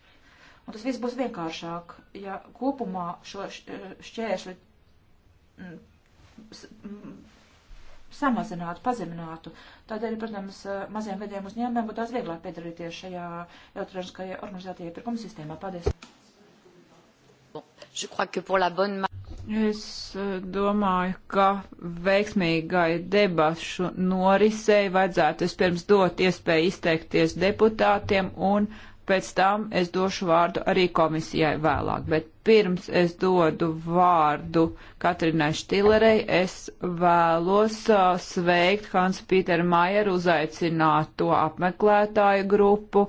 Un tas viss būs vienkāršāk, ja kopumā šo šķēršļu mm, samazinātu, pazeminātu. Tādēļ, protams, maziem vediem uzņēmumiem būtu daudz vieglāk piedalīties šajā elektroniskajā organizētajā pirkuma sistēmā. Paldies! Es eh, domāju, ka veiksmīgai debašu norisei vajadzētu vispirms dot iespēju izteikties deputātiem un pēc tam es došu vārdu arī komisijai vēlāk. Bet pirms es dodu vārdu Katrinai Štilerei, es vēlos uh, sveikt Hansu Pīteru Maieru uzaicināto apmeklētāju grupu.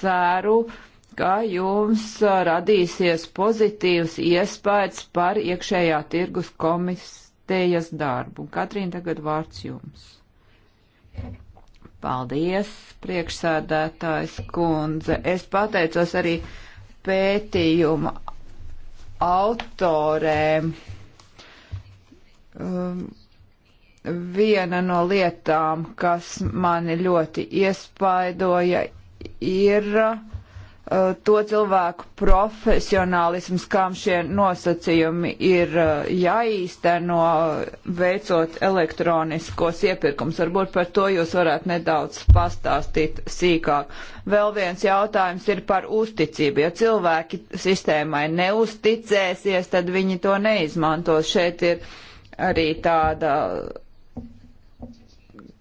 Ceru, ka jums uh, radīsies pozitīvs iespējas par iekšējā tirgus komistejas darbu. Katrīna, tagad vārds jums. Paldies, priekšsēdētājs kundze. Es pateicos arī pētījuma autorēm. Um, viena no lietām, kas mani ļoti iespaidoja, ir uh, Eh, to cilvēku profesionālisms, kam šie nosacījumi ir eh, jāīsteno, veicot elektroniskos iepirkums. Varbūt par to jūs varētu nedaudz pastāstīt sīkāk. Vēl viens jautājums ir par uzticību. Ja cilvēki sistēmai neusticēsies, tad viņi to neizmantos. Šeit ir arī tāda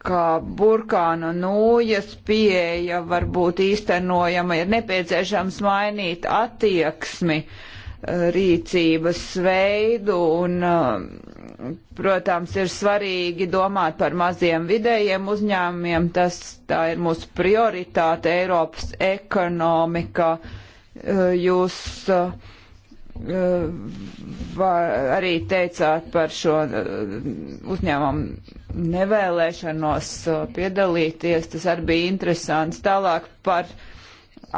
ka burkānu nūjas pieeja var būt īstenojama, ir nepieciešams mainīt attieksmi, eh, rīcības veidu un, eh, protams, ir svarīgi domāt par maziem vidējiem uzņēmumiem. Tas tā ir mūsu prioritāte Eiropas ekonomika. Eh, jūs uh, Eh, arī teicāt par šo eh, uzņēmumu nevēlēšanos eh, piedalīties. Tas arī bija interesants. Tālāk par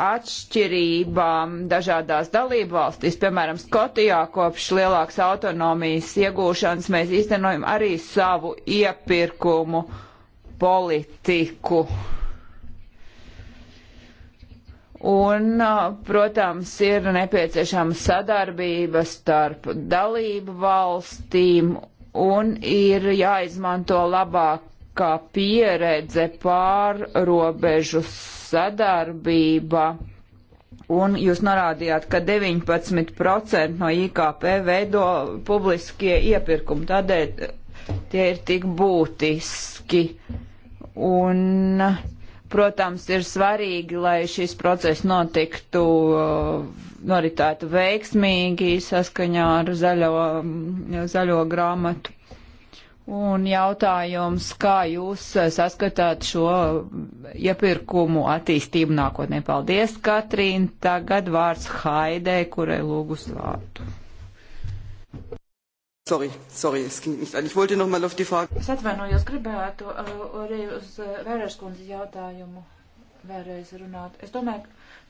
atšķirībām dažādās dalību valstīs. Piemēram, Skotijā kopš lielākas autonomijas iegūšanas mēs īstenojam arī savu iepirkumu politiku. Uh, Un, uh, protams, ir nepieciešama sadarbība starp dalību valstīm un ir jāizmanto labākā pieredze pārrobežu sadarbība. Un jūs norādījāt, ka 19% no IKP veido publiskie iepirkumi, tādēļ tie ir tik būtiski. Un uh, Protams, ir svarīgi, lai šis process notiktu, uh, noritētu veiksmīgi saskaņā ar zaļo, zaļo grāmatu. Un jautājums, kā jūs saskatāt šo iepirkumu attīstību nākotnē? Paldies, Katrīna. Tagad vārds Haidē, kurai lūgus vārdu. Sorry, sorry, es ging nicht an. Ich wollte noch mal auf die Frage. Es atvainojos, gribētu uh, arī uz uh, Vēres kundzes jautājumu vēlreiz runāt. Es domāju,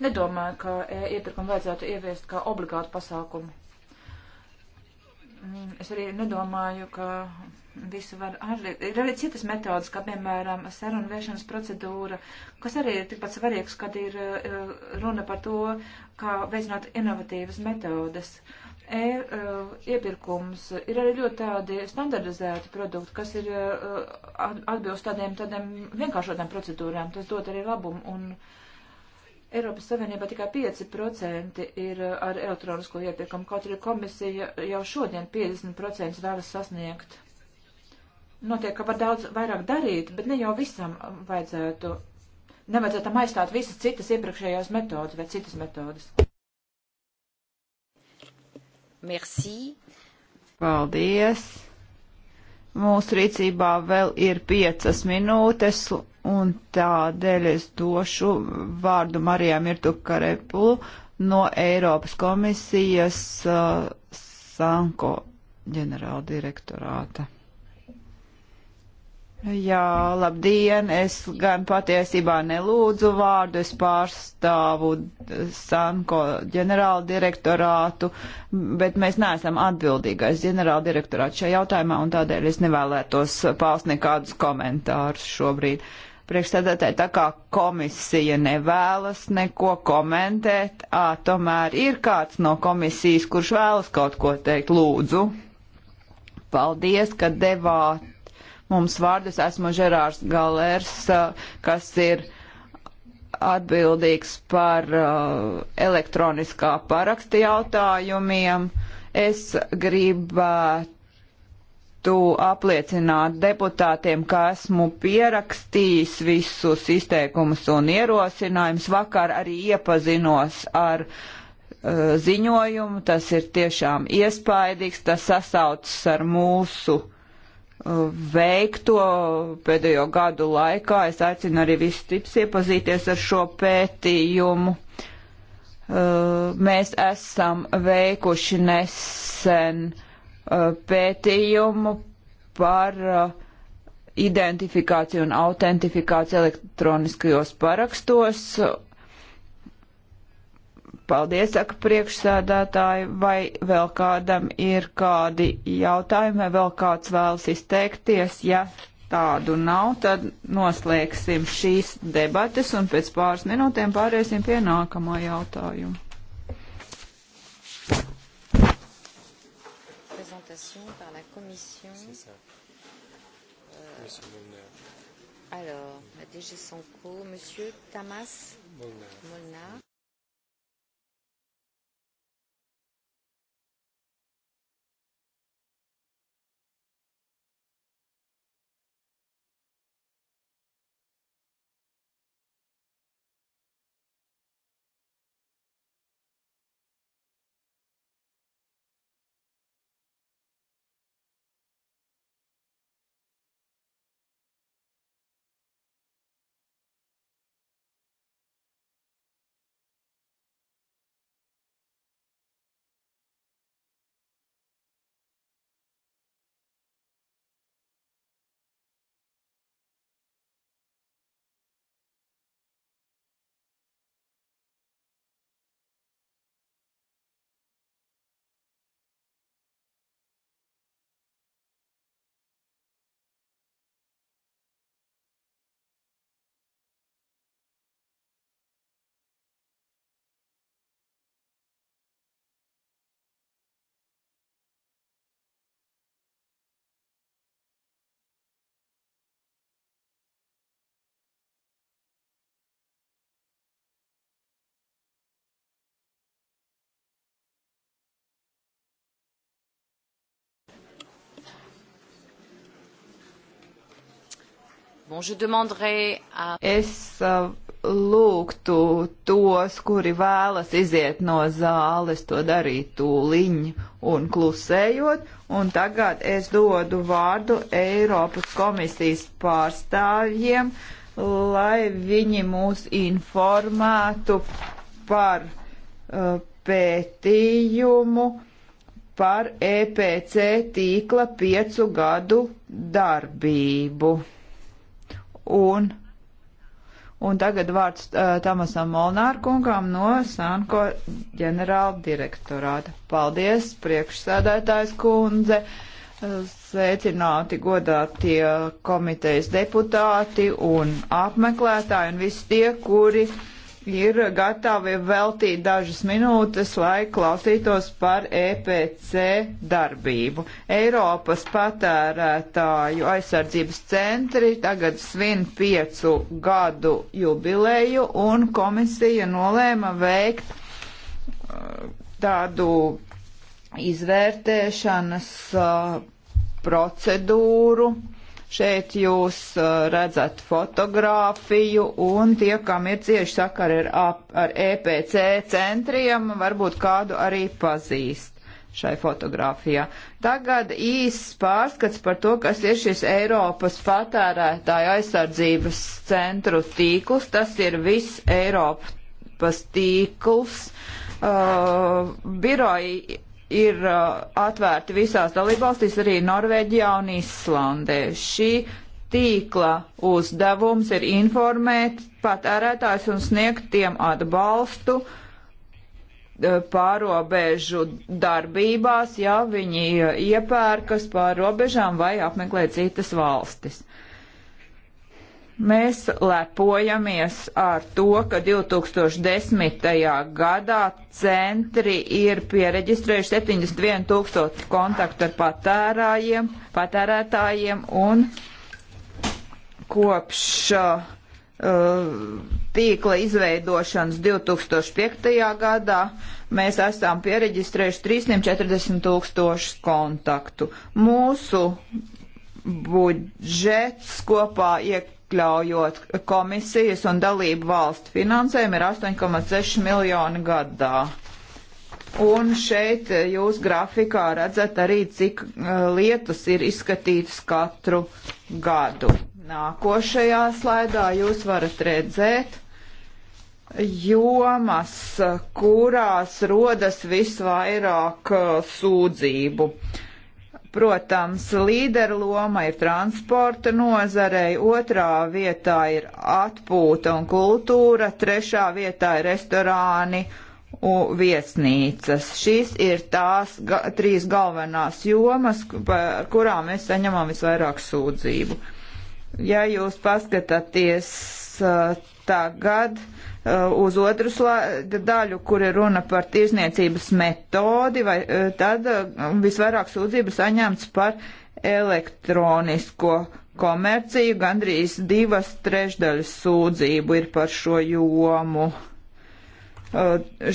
nedomāju, ka e, iepirkumu vajadzētu ieviest kā obligātu pasākumu. Mm, es arī nedomāju, ka visu var ārliet. Ir arī citas metodas, kā piemēram sarunu vēršanas procedūra, kas arī ir tikpat svarīgs, kad ir uh, runa par to, kā veicināt inovatīvas metodas. Uh, e, uh, iepirkums. Ir arī ļoti tādi standardizēti produkti, kas ir uh, atbilst tādiem, tādiem vienkāršotām procedūrām. Tas dod arī labumu. Un Eiropas Savienībā tikai 5% ir uh, ar elektronisko iepirkumu, kaut arī komisija jau šodien 50% vēlas sasniegt. Notiek, ka var daudz vairāk darīt, bet ne jau visam vajadzētu. Nevajadzētu tam aizstāt visas citas iepriekšējās metodas vai citas metodas. Merci. Paldies. Mūsu rīcībā vēl ir piecas minūtes, un tādēļ es došu vārdu Marijā Mirtu Karepulu no Eiropas komisijas uh, Sanko ģenerāldirektorāta. Jā, labdien! Es gan patiesībā nelūdzu vārdu, es pārstāvu Sanko ģenerāla direktorātu, bet mēs neesam atbildīgais ģenerāla direktorāts šajā jautājumā, un tādēļ es nevēlētos paust nekādus komentārus šobrīd. Priekšstādātāji, tā kā komisija nevēlas neko komentēt, ā, tomēr ir kāds no komisijas, kurš vēlas kaut ko teikt, lūdzu. Paldies, ka devāt mums vārdus. Esmu Žerārs Galērs, kas ir atbildīgs par elektroniskā paraksta jautājumiem. Es gribētu apliecināt deputātiem, ka esmu pierakstījis visus izteikumus un ierosinājumus. Vakar arī iepazinos ar ziņojumu, tas ir tiešām iespaidīgs, tas sasaucas ar mūsu uh, veikto pēdējo gadu laikā. Es aicinu arī visus tips iepazīties ar šo pētījumu. Uh, mēs esam veikuši nesen uh, pētījumu par uh, identifikāciju un autentifikāciju elektroniskajos parakstos Paldies, saka priekšsēdētāji, vai vēl kādam ir kādi jautājumi, vai vēl kāds vēlas izteikties. Ja tādu nav, tad noslēgsim šīs debates un pēc pāris minūtēm pāriesim pie nākamā jautājuma. Euh, alors, DG Sanko, Monsieur Tamas Molnar. Molnar. Es uh, lūgtu tos, kuri vēlas iziet no zāles, to darīt tūliņ un klusējot. Un tagad es dodu vārdu Eiropas komisijas pārstāvjiem, lai viņi mūs informētu par uh, pētījumu par EPC tīkla piecu gadu darbību. Un, un tagad vārds uh, Tamasam Molnārkungam no Sanko ģenerāla direktorāta. Paldies, priekšsēdētājs kundze, sveicināti godātie komitejas deputāti un apmeklētāji un visi tie, kuri ir gatavi veltīt dažas minūtes, lai klausītos par EPC darbību. Eiropas patērētāju aizsardzības centri tagad svin piecu gadu jubileju un komisija nolēma veikt uh, tādu izvērtēšanas uh, procedūru Šeit jūs uh, redzat fotogrāfiju un tie, kam ir cieši sakari ar, ar EPC centriem, varbūt kādu arī pazīst šai fotogrāfijā. Tagad īsts pārskats par to, kas ir šis Eiropas patērētāja aizsardzības centru tīkls. Tas ir viss Eiropas tīkls. Uh, biroji ir uh, atvērti visās dalībvalstīs, arī Norvēģijā un Islandē. Šī tīkla uzdevums ir informēt patērētājs un sniegt tiem atbalstu uh, pārobežu darbībās, ja viņi uh, iepērkas pār robežām vai apmeklē citas valstis. Uh, Mēs lepojamies ar to, ka 2010. gadā centri ir pieregistrējuši 71 tūkstotu kontaktu ar patērājiem, patērētājiem un kopš uh, tīkla izveidošanas 2005. gadā mēs esam pieregistrējuši 340 tūkstošus kontaktu. Mūsu budžets kopā iekļauts iekļaujot komisijas un dalību valstu finansējumu, ir 8,6 miljoni gadā. Un šeit jūs grafikā redzat arī, cik eh, lietas ir izskatītas katru gadu. Nākošajā slaidā jūs varat redzēt jomas, kurās rodas visvairāk eh, sūdzību. Uh, Protams, līderu loma ir transporta nozarei, otrā vietā ir atpūta un kultūra, trešā vietā ir restorāni un viesnīcas. Šīs ir tās ga trīs galvenās jomas, par kurām mēs saņemam visvairāk sūdzību. Ja jūs paskatāties Eh, tagad eh, uz otru daļu, kur ir runa par tirzniecības metodi, vai eh, tad visvairāk sūdzības saņemts par elektronisko komerciju, gandrīz divas trešdaļas sūdzību ir par šo jomu.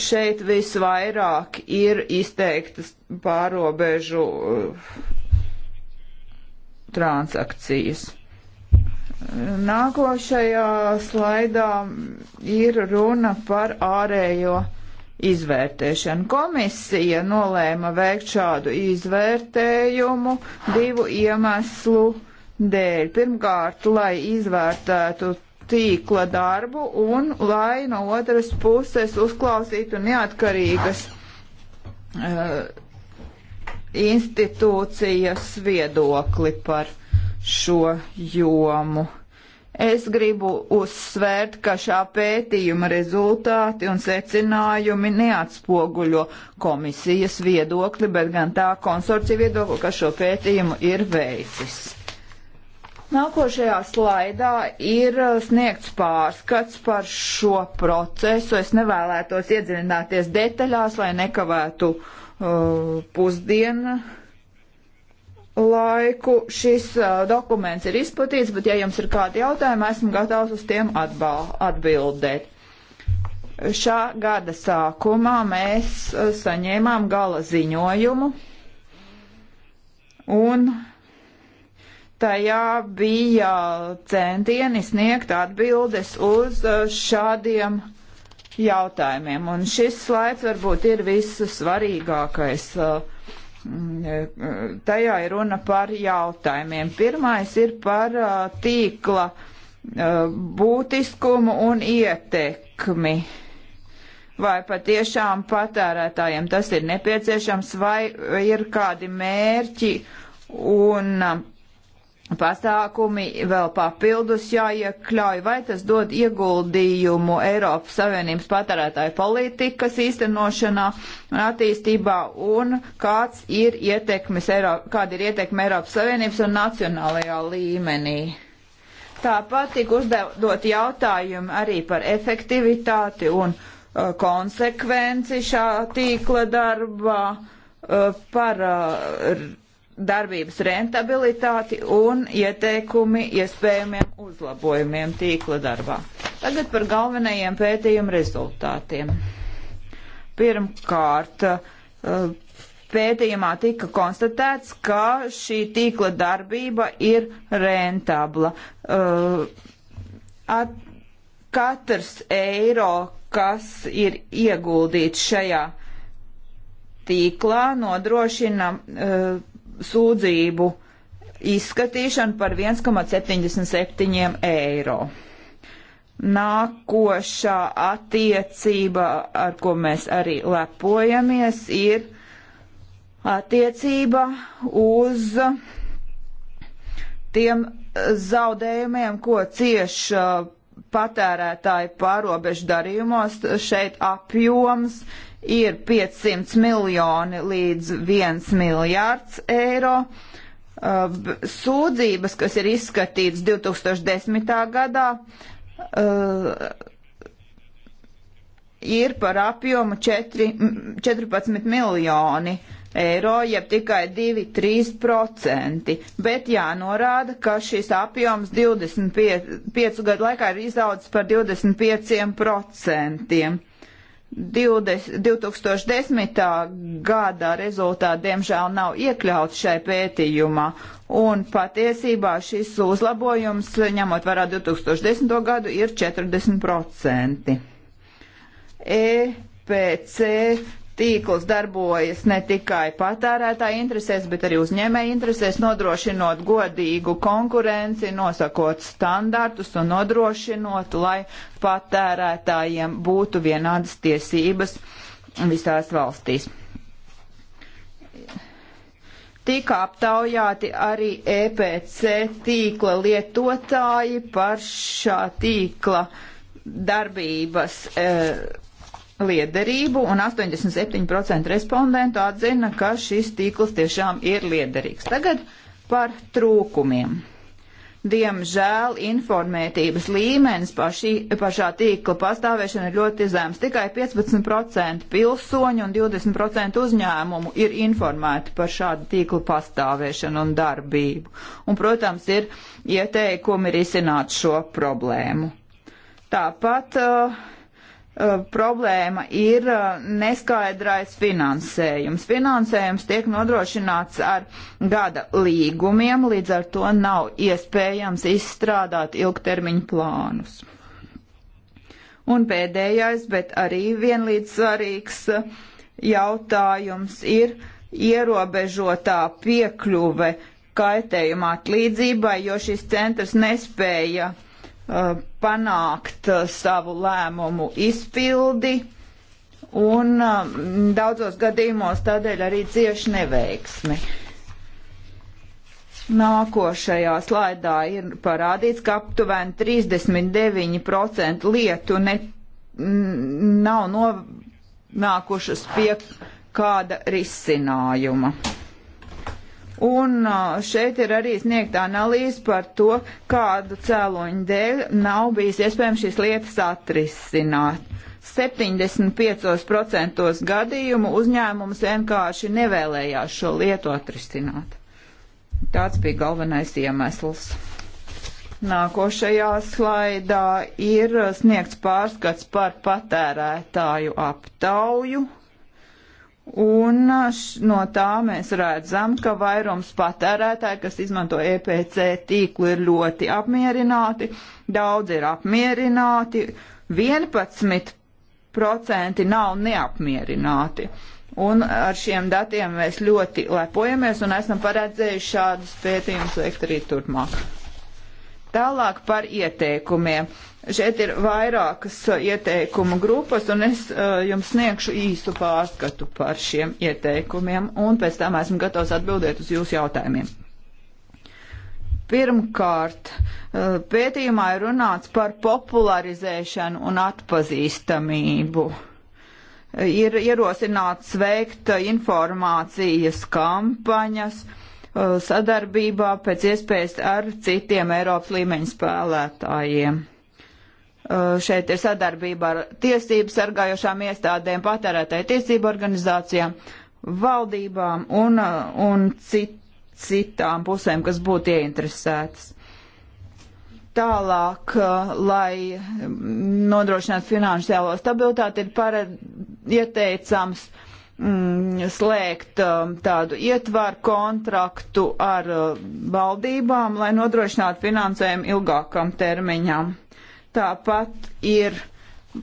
Šeit visvairāk ir izteiktas pārobežu transakcijas. Nākošajā slaidā ir runa par ārējo izvērtēšanu. Komisija nolēma veikt šādu izvērtējumu divu iemeslu dēļ. Pirmkārt, lai izvērtētu tīkla darbu un lai no otras puses uzklausītu neatkarīgas uh, institūcijas viedokli par to šo jomu. Es gribu uzsvērt, ka šā pētījuma rezultāti un secinājumi neatspoguļo komisijas viedokli, bet gan tā konsorcija viedokli, kas šo pētījumu ir veicis. Nākošajā slaidā ir sniegts pārskats par šo procesu. Es nevēlētos iedziļināties detaļās, lai nekavētu uh, pusdienu laiku šis uh, dokuments ir izplatīts, bet ja jums ir kādi jautājumi, esmu gatavs uz tiem atbal, atbildēt. Šā gada sākumā mēs uh, saņēmām gala ziņojumu un tajā bija centieni sniegt atbildes uz šādiem jautājumiem. Un šis slaids varbūt ir viss svarīgākais. Uh, tajā ir runa par jautājumiem. Pirmais ir par uh, tīkla uh, būtiskumu un ietekmi. Vai patiešām patērētājiem tas ir nepieciešams, vai ir kādi mērķi un uh, pasākumi vēl papildus jāiekļauj, vai tas dod ieguldījumu Eiropas Savienības patērētāju politikas īstenošanā un attīstībā, un kāds ir ietekmes, Eiropa, kāda ir ietekme Eiropas Savienības un nacionālajā līmenī. Tāpat tika uzdot jautājumi arī par efektivitāti un uh, konsekvenci šā tīkla darbā, uh, par uh, darbības rentabilitāti un ieteikumi iespējamiem uzlabojumiem tīkla darbā. Tagad par galvenajiem pētījuma rezultātiem. Pirmkārt, eh, pētījumā tika konstatēts, ka šī tīkla darbība ir rentabla. Eh, at, katrs eiro, kas ir ieguldīts šajā tīklā, nodrošina uh, sūdzību izskatīšanu par 1,77 eiro. Nākošā attiecība, ar ko mēs arī lepojamies, ir attiecība uz tiem zaudējumiem, ko cieš uh, patērētāji pārobežu darījumos. Šeit apjoms ir 500 miljoni līdz 1 miljārds eiro. Uh, sūdzības, kas ir izskatītas 2010. gadā, uh, ir par apjomu 4, 14 miljoni eiro, jeb tikai 2-3%. Bet jānorāda, ka šis apjoms 25 gadu laikā ir izaudzis par 25%. 20, 2010. gada rezultāti diemžēl nav iekļauts šai pētījumā. Un patiesībā šis uzlabojums, ņemot vērā 2010. gadu, ir 40%. EPC tīkls darbojas ne tikai patērētāja interesēs, bet arī uzņēmēja interesēs, nodrošinot godīgu konkurenci, nosakot standartus un nodrošinot, lai patērētājiem būtu vienādas tiesības visās valstīs. Tika aptaujāti arī EPC tīkla lietotāji par šā tīkla darbības. Eh, liederību, un 87% respondentu atzina, ka šis tīkls tiešām ir liederīgs. Tagad par trūkumiem. Diemžēl informētības līmenis par, šī, par šā tīkla pastāvēšanu ir ļoti zems. Tikai 15% pilsoņu un 20% uzņēmumu ir informēti par šādu tīklu pastāvēšanu un darbību. Un, protams, ir ieteikumi risināt šo problēmu. Tāpat uh, Uh, problēma ir uh, neskaidrais finansējums. Finansējums tiek nodrošināts ar gada līgumiem, līdz ar to nav iespējams izstrādāt ilgtermiņu plānus. Un pēdējais, bet arī vienlīdz svarīgs uh, jautājums ir ierobežotā piekļuve kaitējuma atlīdzībai, jo šis centrs nespēja Uh, panākt uh, savu lēmumu izpildi, un uh, daudzos gadījumos tādēļ arī cieši neveiksmi. Nākošajā slaidā ir parādīts, ka aptuveni 39% lietu ne, nav nonākušas pie kāda risinājuma. Un šeit ir arī sniegta analīze par to, kādu cēloņu dēļ nav bijis iespējams šīs lietas atrisināt. 75% gadījumu uzņēmums vienkārši nevēlējās šo lietu atrisināt. Tāds bija galvenais iemesls. Nākošajā slaidā ir sniegts pārskats par patērētāju aptauju. Un no tā mēs redzam, ka vairums patērētāji, kas izmanto EPC tīklu, ir ļoti apmierināti, daudz ir apmierināti, 11% nav neapmierināti. Un ar šiem datiem mēs ļoti lepojamies un esam paredzējuši šādus pētījumus veikt arī turpmāk. Tālāk par ieteikumiem. Šeit ir vairākas uh, ieteikumu grupas, un es uh, jums sniegšu īsu pārskatu par šiem ieteikumiem, un pēc tam esmu gatavs atbildēt uz jūsu jautājumiem. Pirmkārt, uh, pētījumā ir runāts par popularizēšanu un atpazīstamību. Ir ierosināts veikt informācijas kampaņas sadarbībā pēc iespējas ar citiem Eiropas līmeņa spēlētājiem Eh, šeit ir sadarbība ar tiesību sargājošām iestādēm, patērētāju tiesību organizācijām, valdībām un, eh, un cit, citām pusēm, kas būtu ieinteresētas tālāk, eh, lai nodrošinātu finansiālo stabilitāti, ir pared, ieteicams mm, slēgt tādu ietvaru kontraktu ar valdībām, lai nodrošinātu finansējumu ilgākam termiņam. Tāpat ir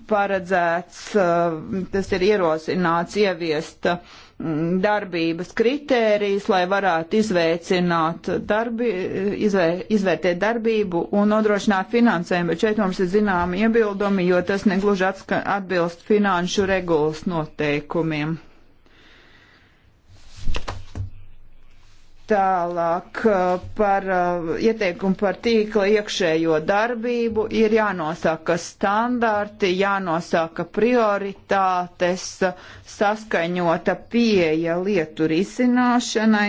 paredzēts, uh, tas ir ierosināts ieviest uh, darbības kritērijas, lai varētu izveicināt darbi, izvē, izvērtēt darbību un nodrošināt finansējumu, bet šeit mums ir zināmi iebildumi, jo tas negluži atbilst finanšu regulas noteikumiem. Tālāk uh, par uh, ieteikumu par tīkla iekšējo darbību ir jānosaka standarti, jānosaka prioritātes, saskaņota pieeja lietu risināšanai.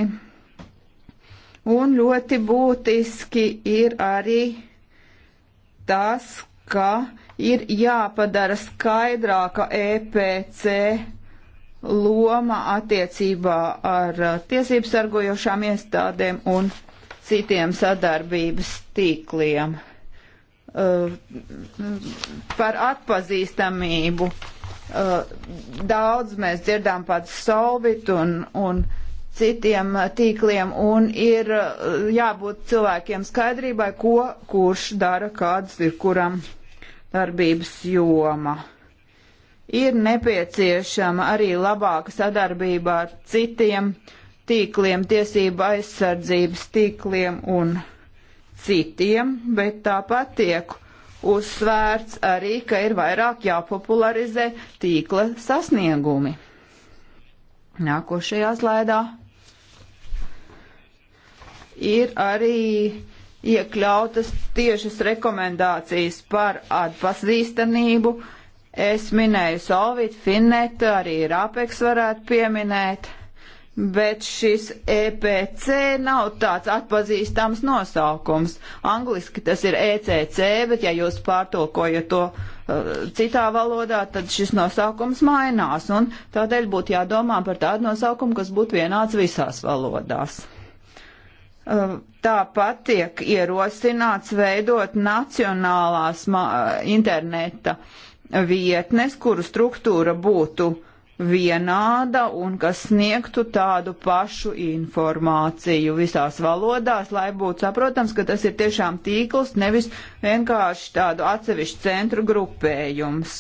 Un ļoti būtiski ir arī tas, ka ir jāpadara skaidrāka EPC loma attiecībā ar uh, tiesību sargojošām iestādēm un citiem sadarbības tīkliem. Uh, par atpazīstamību uh, daudz mēs dzirdām pats Solvit un, un citiem tīkliem un ir jābūt cilvēkiem skaidrībai, ko kurš dara, kādas ir kuram darbības joma. Ir nepieciešama arī labāka sadarbība ar citiem tīkliem, tiesība aizsardzības tīkliem un citiem, bet tāpat tiek uzsvērts arī, ka ir vairāk jāpopularizē tīkla sasniegumi. Nākošajā slaidā ir arī iekļautas tiešas rekomendācijas par atpazīstamību, uh, Es minēju Solvit, Finnetu, arī Rapeks varētu pieminēt, bet šis EPC nav tāds atpazīstams nosaukums. Angliski tas ir ECC, bet ja jūs pārtulkojat to uh, citā valodā, tad šis nosaukums mainās, un tādēļ būtu jādomā par tādu nosaukumu, kas būtu vienāds visās valodās. Uh, tāpat tiek ierosināts veidot nacionālās interneta uh, vietnes, kuru struktūra būtu vienāda un kas sniegtu tādu pašu informāciju visās valodās, lai būtu saprotams, ka tas ir tiešām tīkls, nevis vienkārši tādu atsevišķu centru grupējums.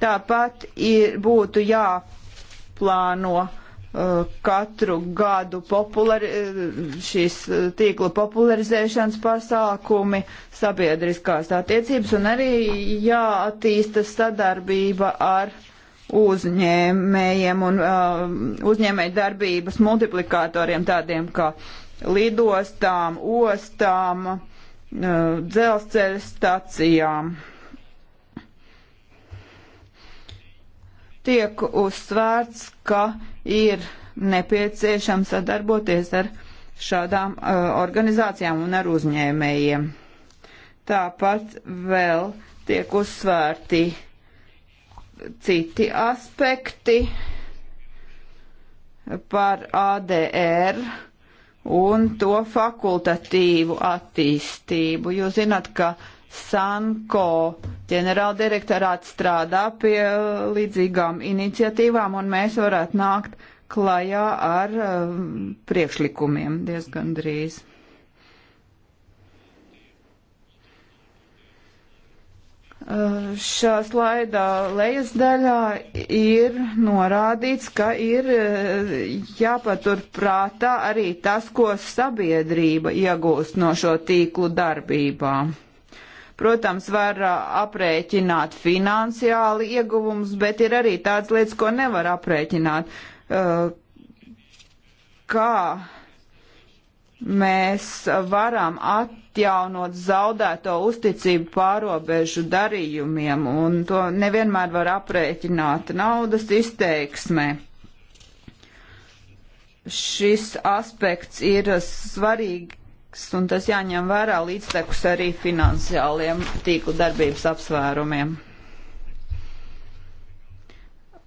Tāpat ir, būtu jāplāno Eh, katru gadu populari, eh, šīs eh, tīkla popularizēšanas pasākumi, sabiedriskās attiecības un arī jāattīsta sadarbība ar uzņēmējiem un uh, uzņēmēju darbības multiplikatoriem tādiem kā lidostām, ostām, uh, dzelzceļa stacijām. tiek uzsvērts, ka ir nepieciešams sadarboties ar šādām uh, organizācijām un ar uzņēmējiem. Tāpat vēl tiek uzsvērti citi aspekti par ADR un to fakultatīvu attīstību. Jūs zināt, ka uh, Sanko ģenerāldirektorāts strādā pie līdzīgām iniciatīvām, un mēs varētu nākt klajā ar um, priekšlikumiem diezgan drīz. Uh, šā slaida lejas daļā ir norādīts, ka ir uh, jāpatur prātā arī tas, ko sabiedrība iegūst no šo tīklu darbībām. Protams, var aprēķināt finansiāli ieguvumus, bet ir arī tādas lietas, ko nevar aprēķināt. Kā mēs varam atjaunot zaudēto uzticību pārobežu darījumiem, un to nevienmēr var aprēķināt naudas izteiksmē. Šis aspekts ir svarīgi spēks, un tas jāņem vērā līdztekus arī finansiāliem tīklu darbības apsvērumiem.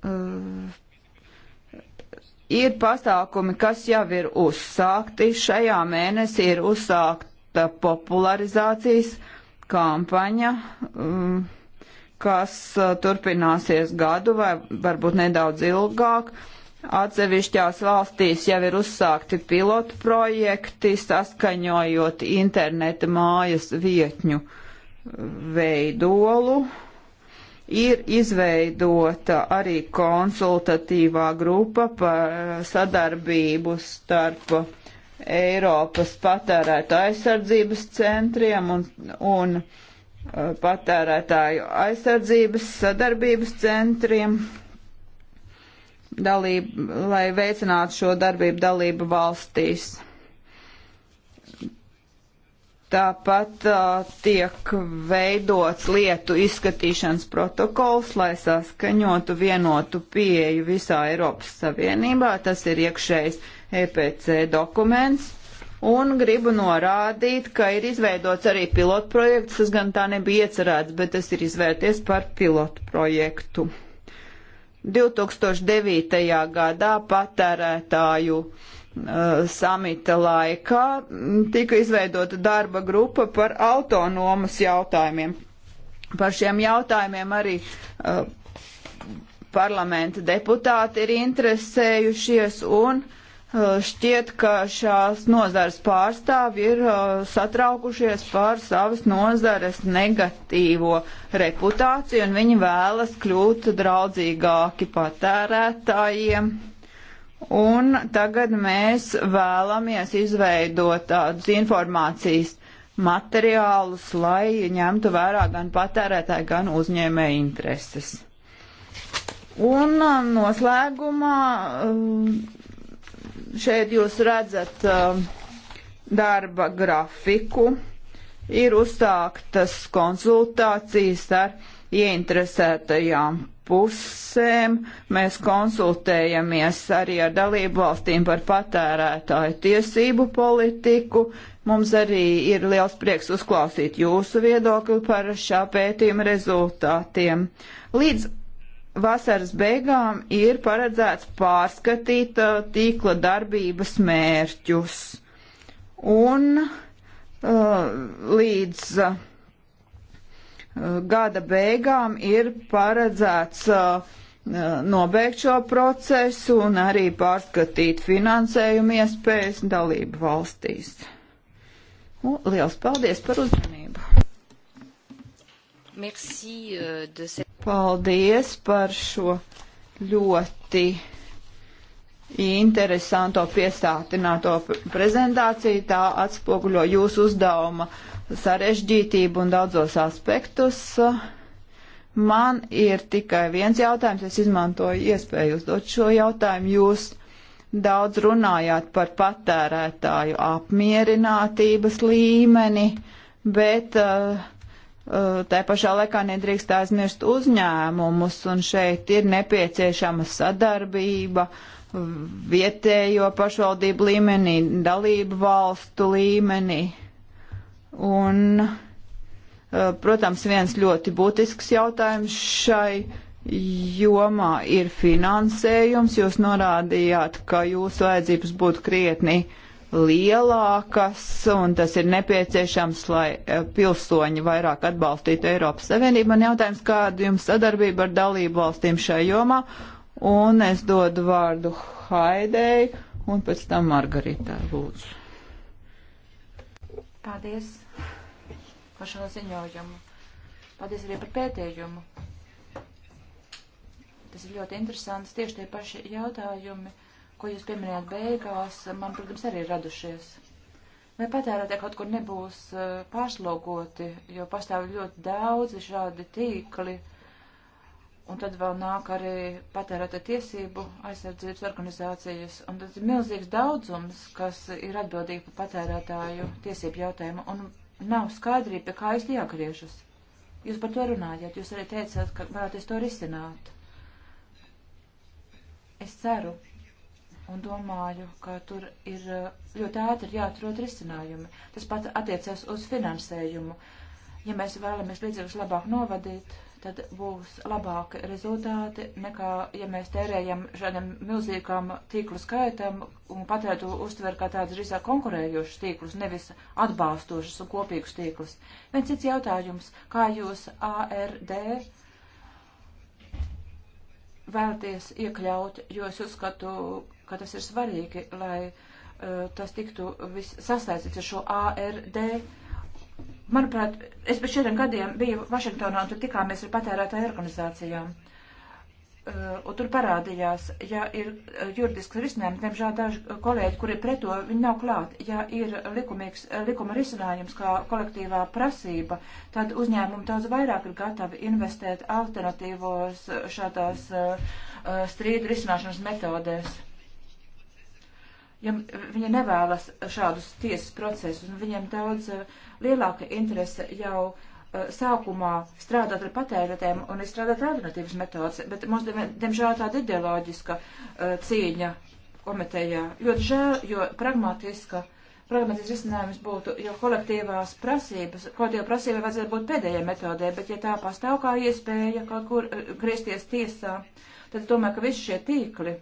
Uh, ir pasākumi, kas jau ir uzsākti. Šajā mēnesī ir uzsākta popularizācijas kampaņa, um, kas uh, turpināsies gadu vai varbūt nedaudz ilgāk. Uh, Atsevišķās valstīs jau ir uzsākti pilotu projekti, saskaņojot interneta mājas vietņu eh, veidolu. Ir izveidota arī konsultatīvā grupa par sadarbību starp Eiropas patērēta aizsardzības centriem un, un eh, patērētāju aizsardzības sadarbības centriem dalību, lai veicinātu šo darbību dalību valstīs. Tāpat uh, tiek veidots lietu izskatīšanas protokols, lai saskaņotu vienotu pieeju visā Eiropas Savienībā. Tas ir iekšējs EPC dokuments. Un gribu norādīt, ka ir izveidots arī pilotprojekts, tas gan tā nebija iecerēts, bet tas ir izvērties par pilotprojektu. projektu. 2009. gadā patērētāju uh, samita laikā tika izveidota darba grupa par autonomas jautājumiem. Par šiem jautājumiem arī uh, parlamenta deputāti ir interesējušies un uh, Eh, šķiet, ka šās nozares pārstāvi ir eh, satraukušies par savas nozares negatīvo reputāciju, un viņi vēlas kļūt draudzīgāki patērētājiem. Un tagad mēs vēlamies izveidot tādus informācijas materiālus, lai ņemtu vērā gan patērētāju, gan uzņēmēju intereses. Un eh, noslēgumā šeit jūs redzat um, darba grafiku. Ir uzsāktas konsultācijas ar ieinteresētajām pusēm. Mēs konsultējamies arī ar dalību valstīm par patērētāju tiesību politiku. Mums arī ir liels prieks uzklausīt jūsu viedokli par šā pētījuma rezultātiem. Līdz vasaras beigām ir paredzēts pārskatīt uh, tīkla darbības mērķus. Un uh, līdz uh, gada beigām ir paredzēts nobeigt šo procesu un arī pārskatīt finansējumu iespējas dalību valstīs. Un nu, liels paldies par uzmanību! Merci, uh, de... Paldies par šo ļoti interesanto piestātināto prezentāciju. Tā atspoguļo jūsu uzdevuma sarežģītību un daudzos aspektus. Man ir tikai viens jautājums. Es izmantoju iespēju uzdot šo jautājumu. Jūs daudz runājāt par patērētāju apmierinātības līmeni, bet uh, Eh, tā pašā laikā nedrīkst aizmirst uzņēmumus, un šeit ir nepieciešama sadarbība vietējo pašvaldību līmenī, dalību valstu līmenī. Un, eh, protams, viens ļoti būtisks jautājums šai jomā ir finansējums. Jūs norādījāt, ka jūsu vajadzības būtu krietni uh, lielākas, un tas ir nepieciešams, lai eh, pilsoņi vairāk atbalstītu Eiropas Savienību. Man jautājums, kāda jums sadarbība ar dalību valstīm šajā jomā, un es dodu vārdu Haidei, un pēc tam Margaritai lūdzu. Paldies par šo ziņojumu. Paldies arī par pētījumu. Tas ir ļoti interesants. Tieši tie paši jautājumi ko jūs pieminējāt beigās, man, protams, arī radušies. Vai patērētāji kaut kur nebūs eh, pārslogoti, jo pastāv ļoti daudzi šādi tīkli, un tad vēl nāk arī patērētāja tiesību aizsardzības organizācijas, un tas ir milzīgs daudzums, kas ir atbildīgi par patērētāju tiesību jautājumu, un nav skaidrība, pie kā īsti jāgriežas. Jūs par to runājat, jūs arī teicāt, ka vēlaties to risināt. Es ceru, un domāju, ka tur ir eh, ļoti ātri jāatrod risinājumi. Tas pat attiecas uz finansējumu. Ja mēs vēlamies līdzekļus labāk novadīt, tad būs labāki rezultāti nekā, ja mēs tērējam šādam milzīgam tīklu skaitam un patētu uztver kā tādus drīzāk konkurējošus tīklus, nevis atbalstošus un kopīgus tīklus. Viens cits jautājums, kā jūs ARD vēlaties iekļaut, jo es uzskatu, ka tas ir svarīgi, lai uh, tas tiktu viss sasaistīts ar šo ARD. Manuprāt, es pēc četriem gadiem biju Vašingtonā un tur tikāmies ar patērētāju organizācijām. Uh, un tur parādījās, ja ir juridisks risinājums, diemžēl daži kolēģi, kuri pret to, viņi nav klāt. Ja ir likumīgs, likuma risinājums kā kolektīvā prasība, tad uzņēmumi daudz vairāk ir gatavi investēt alternatīvos šādās uh, strīdu risināšanas metodēs ja viņi nevēlas šādus tiesas procesus, un viņiem daudz eh, lielāka interese jau eh, sākumā strādāt ar patērētēm un izstrādāt alternatīvas metodas, bet mums, diemžēl, tāda ideoloģiska eh, cīņa komitejā. Ļoti žēl, jo pragmatiska, pragmatisks risinājums būtu, jo kolektīvās prasības, kaut jau prasībai vajadzētu būt pēdējai metodē, bet ja tā pastāv kā iespēja kaut kur griezties tiesā, tad domāju, ka visi šie tīkli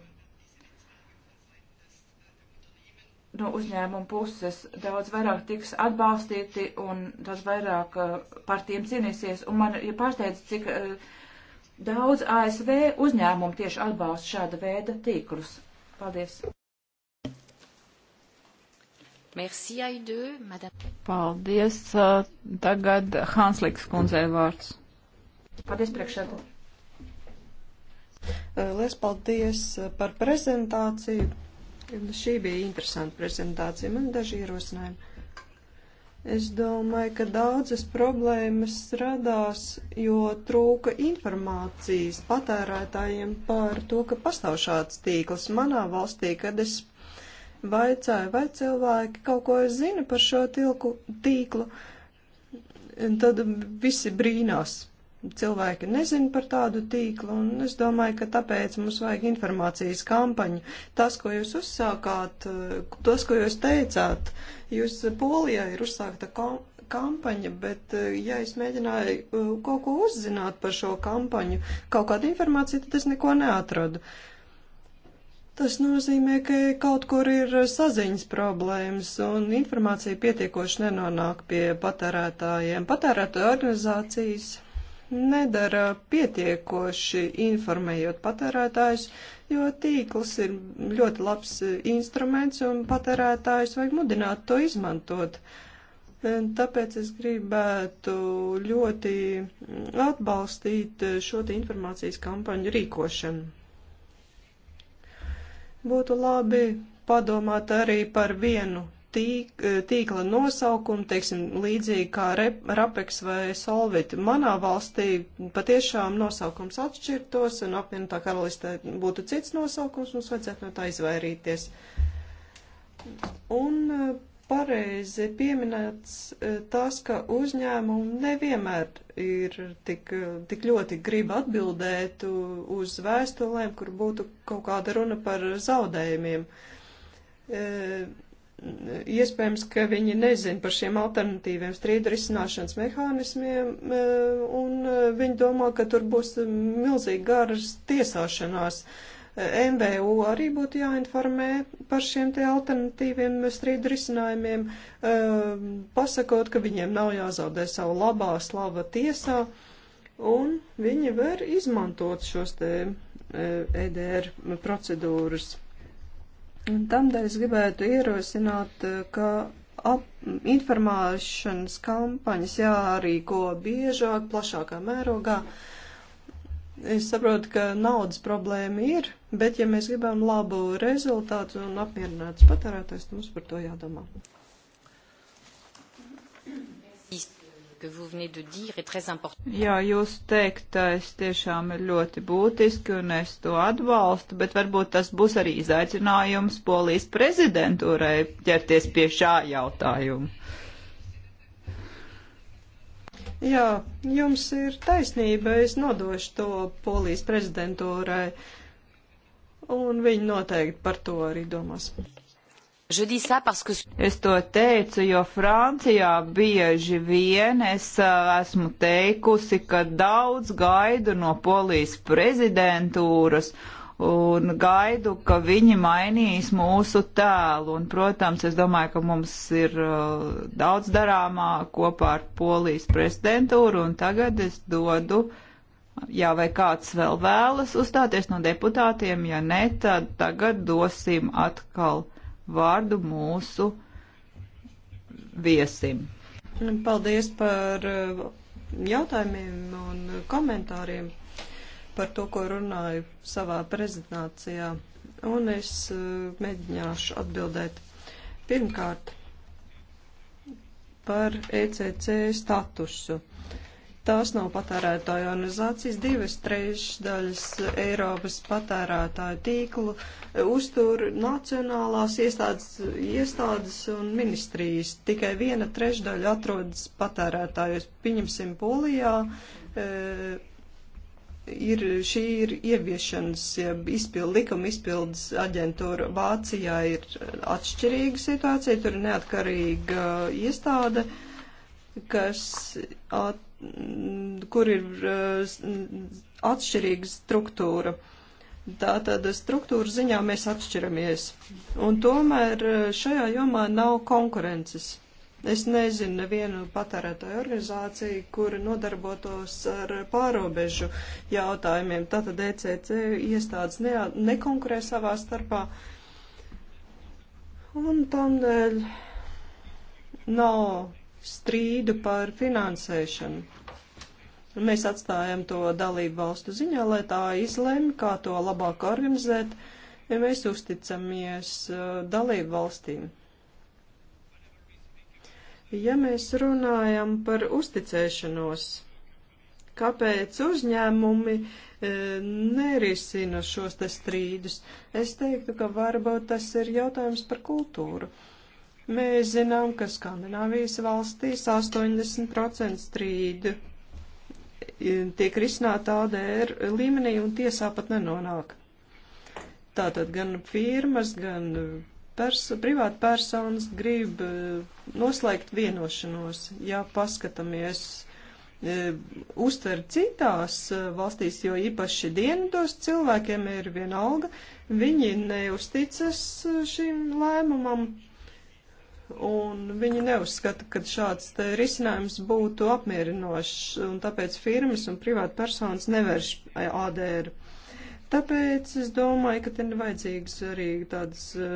no uzņēmuma puses daudz vairāk tiks atbalstīti un daudz vairāk uh, par tiem cīnīsies. Un man ir ja pārsteidz, cik uh, daudz ASV uzņēmumu tieši atbalsta šāda veida tīklus. Paldies! Merci, Aidu, madame. Paldies. Uh, tagad Hanslīks kundzei vārds. Paldies, priekšsēdētāji. Lies paldies uh, par prezentāciju Šī bija interesanta prezentācija. Man daži ierosinājumi. Es domāju, ka daudzas problēmas radās, jo trūka informācijas patērētājiem par to, ka pastāv šāds tīkls. Manā valstī, kad es vaicāju, vai cilvēki kaut ko zina par šo tilku, tīklu, tad visi brīnās cilvēki nezina par tādu tīklu, un es domāju, ka tāpēc mums vajag informācijas kampaņu. Tas, ko jūs uzsākāt, tas, ko jūs teicāt, jūs Polijā ir uzsākta kampaņa, bet ja es mēģināju uh, kaut ko uzzināt par šo kampaņu, kaut kādu informāciju, tad es neko neatradu. Tas nozīmē, ka kaut kur ir saziņas problēmas un informācija pietiekoši nenonāk pie patērētājiem. Patērētāju organizācijas nedara pietiekoši informējot patērētājus, jo tīkls ir ļoti labs instruments un patērētājus vajag mudināt to izmantot. Tāpēc es gribētu ļoti atbalstīt šo informācijas kampaņu rīkošanu. Būtu labi padomāt arī par vienu Eh, tīkla nosaukumu, teiksim, līdzīgi kā Rapex vai Solvit. Manā valstī patiešām nosaukums atšķirtos, un apvienotā karalistē būtu cits nosaukums, mums vajadzētu no tā izvairīties. Un eh, pareizi pieminēts eh, tas, ka uzņēmumi nevienmēr ir tik, tik ļoti grib atbildēt uz vēstulēm, kur būtu kaut kāda runa par zaudējumiem iespējams, ka viņi nezina par šiem alternatīviem strīdu risināšanas mehānismiem, e, un e, viņi domā, ka tur būs milzīgi garas tiesāšanās. E, MVU arī būtu jāinformē par šiem te alternatīviem strīdu risinājumiem, pasakot, ka viņiem nav jāzaudē savu labā slava tiesā, un viņi var izmantot šos te EDR procedūras. Un tamdēļ es gribētu ierosināt, eh, ka ap, informēšanas kampaņas jārīko biežāk, plašākā mērogā. Es saprotu, ka naudas problēma ir, bet ja mēs gribam labu rezultātu un apmierinātus patērētājs, mums par to jādomā. Jā, jūs teiktais tiešām ir ļoti būtiski, un es to atbalstu, bet varbūt tas būs arī izaicinājums Polijas prezidentūrai ķerties pie šā jautājuma. Jā, jums ir taisnība, es nodošu to Polijas prezidentūrai, un viņi noteikti par to arī domās. Es to teicu, jo Francijā bieži vien es esmu teikusi, ka daudz gaidu no polijas prezidentūras un gaidu, ka viņi mainīs mūsu tēlu. Un, protams, es domāju, ka mums ir daudz darāmā kopā ar polijas prezidentūru, un tagad es dodu. Jā, vai kāds vēl vēlas uzstāties no deputātiem? Ja ne, tad tagad dosim atkal vārdu mūsu viesim. Paldies par uh, jautājumiem un komentāriem par to, ko runāju savā prezentācijā, un es uh, mēģināšu atbildēt. Pirmkārt, par ECC statusu. Tās nav patērētāju organizācijas, divas trešdaļas Eiropas patērētāju tīklu uztur nacionālās iestādes, iestādes un ministrijas. Tikai viena trešdaļa atrodas patērētājos. Piņemsim, Polijā e, ir, šī ir ieviešanas, ja izpild, likuma izpildes aģentūra. Vācijā ir atšķirīga situācija, tur ir neatkarīga iestāde, kas at Mm, kur ir eh, mm, atšķirīga struktūra. Tātad struktūra ziņā mēs atšķiramies. Un tomēr eh, šajā jomā nav konkurences. Es nezinu nevienu patērētāju organizāciju, kura nodarbotos ar pārobežu jautājumiem. Tātad ECC iestādes ne, nekonkurē savā starpā. Un tam eh, nav strīdu par finansēšanu. Mēs atstājam to dalību valstu ziņā, lai tā izlemj, kā to labāk organizēt, ja mēs uzticamies uh, dalību valstīm. Ja mēs runājam par uzticēšanos, kāpēc uzņēmumi e, nerisina šos te strīdus, es teiktu, ka varbūt tas ir jautājums par kultūru. E, Mēs zinām, ka Skandināvijas valstīs 80% strīdu e, tiek risināta ADR līmenī un tiesā pat nenonāk. Tātad gan firmas, gan perso privāta personas grib e, noslēgt vienošanos. Ja paskatāmies e, uztver citās valstīs, jo īpaši dienvidos cilvēkiem ir vienalga, viņi neusticas šim lēmumam un viņi neuzskata, ka šāds te risinājums būtu apmierinošs, un tāpēc firmas un privāta personas nevērš ADR. Tāpēc es domāju, ka te ir vajadzīgs arī tādas eh,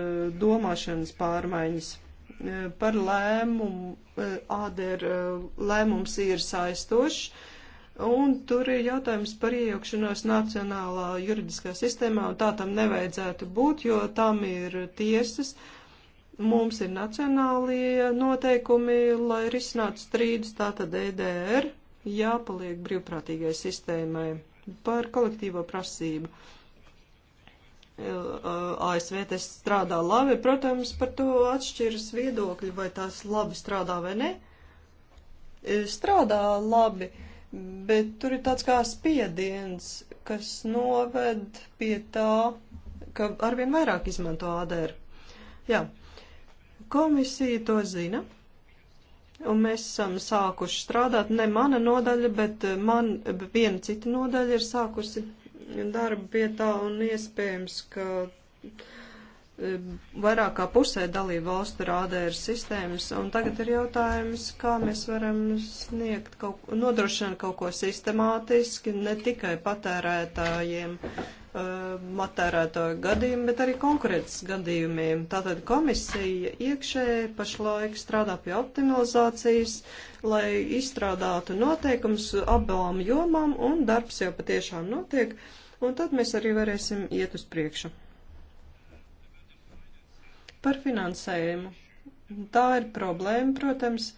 domāšanas pārmaiņas eh, par lēmumu. Eh, ADR lēmums ir saistošs, un tur ir jautājums par iejaukšanos nacionālā juridiskā sistēmā, un tā tam nevajadzētu būt, jo tam ir tiesas. Uh, Mums ir nacionālie noteikumi, lai risinātu strīdus, tātad EDR jāpaliek brīvprātīgai sistēmai par kolektīvo prasību. ASV tas strādā labi, protams, par to atšķiras viedokļi, vai tās labi strādā vai ne. Strādā labi, bet tur ir tāds kā spiediens, kas noved pie tā, ka arvien vairāk izmanto ADR. Jā. Uh, Komisija to zina, un mēs esam sākuši strādāt, ne mana nodaļa, bet eh, man viena cita nodaļa ir sākusi darbu pie tā, un iespējams, ka eh, vairāk kā pusē dalību valstu rādē ir sistēmas, un tagad ir jautājums, kā mēs varam sniegt, kaut, nodrošināt kaut ko sistemātiski, ne tikai patērētājiem. Uh, Uh, matērētāju gadījumu, bet arī konkurences gadījumiem. Tātad komisija iekšēji pašlaik strādā pie optimalizācijas, lai izstrādātu noteikums abām jomām, un darbs jau patiešām notiek, un tad mēs arī varēsim iet uz priekšu. Par finansējumu. Tā ir problēma, protams,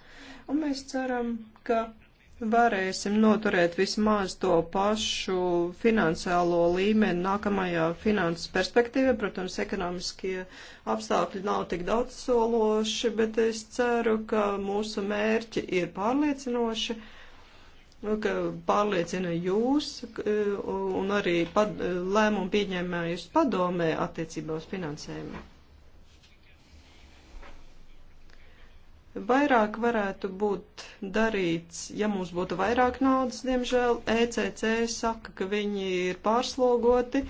un mēs ceram, ka varēsim noturēt vismaz to pašu finansiālo līmeni nākamajā finanses perspektīvā. Protams, ekonomiskie apstākļi nav tik daudz sološi, bet es ceru, ka mūsu mērķi ir pārliecinoši, ka pārliecina jūs un arī pad, lēmumu pieņēmējus padomē attiecībā uz finansējumu. Vairāk varētu būt darīts, ja mums būtu vairāk naudas, diemžēl. ECC saka, ka viņi ir pārslogoti,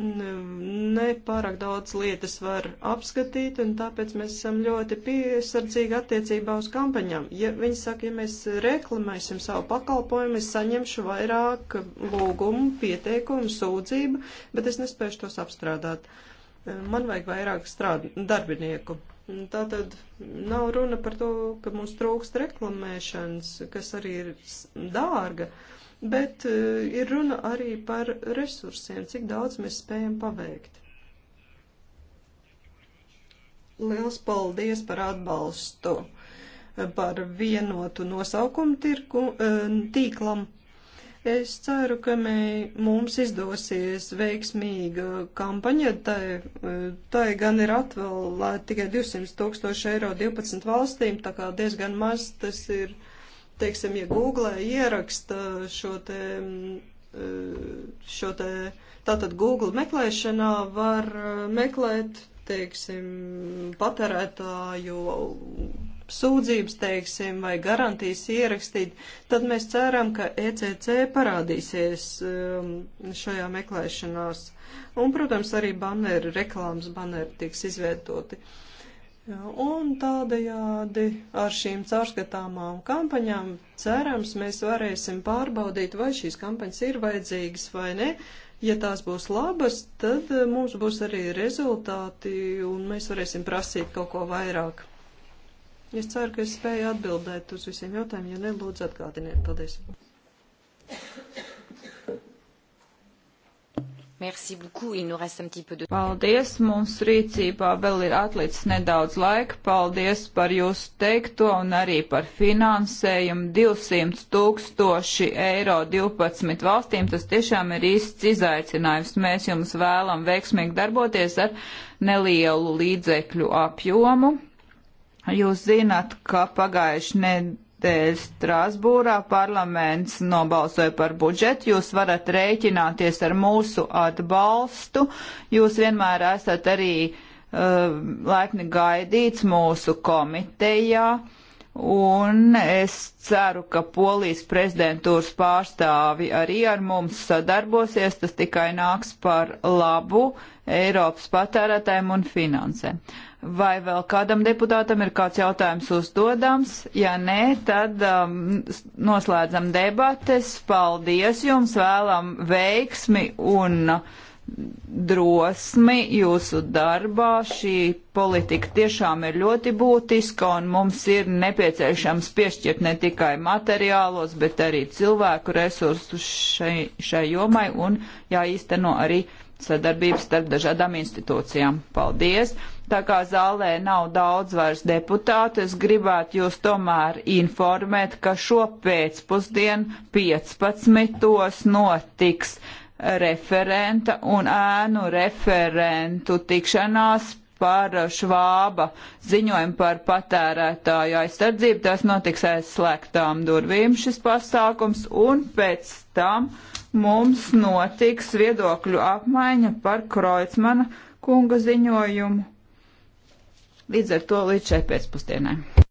nepārāk daudz lietas var apskatīt, un tāpēc mēs esam ļoti piesardzīgi attiecībā uz kampaņām. Ja viņi saka, ja mēs reklamēsim savu pakalpojumu, es saņemšu vairāk lūgumu, pieteikumu, sūdzību, bet es nespēšu tos apstrādāt. Uh, man vajag vairāk strād, darbinieku. Tā tad nav runa par to, ka mums trūkst reklamēšanas, kas arī ir dārga, bet eh, ir runa arī par resursiem, cik daudz mēs spējam paveikt. Liels paldies par atbalstu, eh, par vienotu nosaukumu tirku, eh, tīklam. Es ceru, ka mē, mums izdosies veiksmīga kampaņa. Tai, e, tai gan ir atvēlēta tikai 200 tūkstoši eiro 12 valstīm, tā kā diezgan maz tas ir, teiksim, ja Google ieraksta šo te, e, šo te, tātad Google meklēšanā var e, meklēt, teiksim, patērētāju sūdzības, teiksim, vai garantijas ierakstīt, tad mēs ceram, ka ECC parādīsies um, šajā meklēšanās. Un, protams, arī baneri, reklāmas baneri tiks izvietoti. Un tādējādi ar šīm caurskatāmām kampaņām cerams mēs varēsim pārbaudīt, vai šīs kampaņas ir vajadzīgas vai ne. Ja tās būs labas, tad uh, mums būs arī rezultāti un mēs varēsim prasīt kaut ko vairāk. Es ceru, ka es spēju atbildēt uz visiem jautājumiem, ja ne, lūdzu atgādiniet. Paldies. Merci beaucoup. Il nous reste un petit peu de Paldies, mums rīcībā vēl ir atlicis nedaudz laika. Paldies par jūsu teikto un arī par finansējumu. 200 tūkstoši eiro 12 valstīm. Tas tiešām ir īsts izaicinājums. Mēs jums vēlam veiksmīgi darboties ar nelielu līdzekļu apjomu. Jūs zināt, ka pagājuši nedēļ Strāsbūrā parlaments nobalsoja par budžetu. Jūs varat rēķināties ar mūsu atbalstu. Jūs vienmēr esat arī uh, laipni gaidīts mūsu komitejā. Un es ceru, ka polijas prezidentūras pārstāvi arī ar mums sadarbosies. Tas tikai nāks par labu Eiropas patērētājiem un finansēm. Uh, Vai vēl kādam deputātam ir kāds jautājums uzdodams? Ja nē, tad um, noslēdzam debates. Paldies jums, vēlam veiksmi un drosmi jūsu darbā. Šī politika tiešām ir ļoti būtiska un mums ir nepieciešams piešķirt ne tikai materiālos, bet arī cilvēku resursus šai, šai jomai un jāīsteno arī sadarbības starp dažādām institūcijām. Paldies! Tā kā zālē nav daudz vairs deputātu, es gribētu jūs tomēr informēt, ka šo pēcpusdienu 15. notiks referenta un ēnu referentu tikšanās par švāba ziņojumu par patērētāju aizsardzību. Tas notiks aizslēgtām durvīm šis pasākums un pēc tam mums notiks viedokļu apmaiņa par Kreutzmana kunga ziņojumu. Līdz ar to līdz šai pēcpusdienai.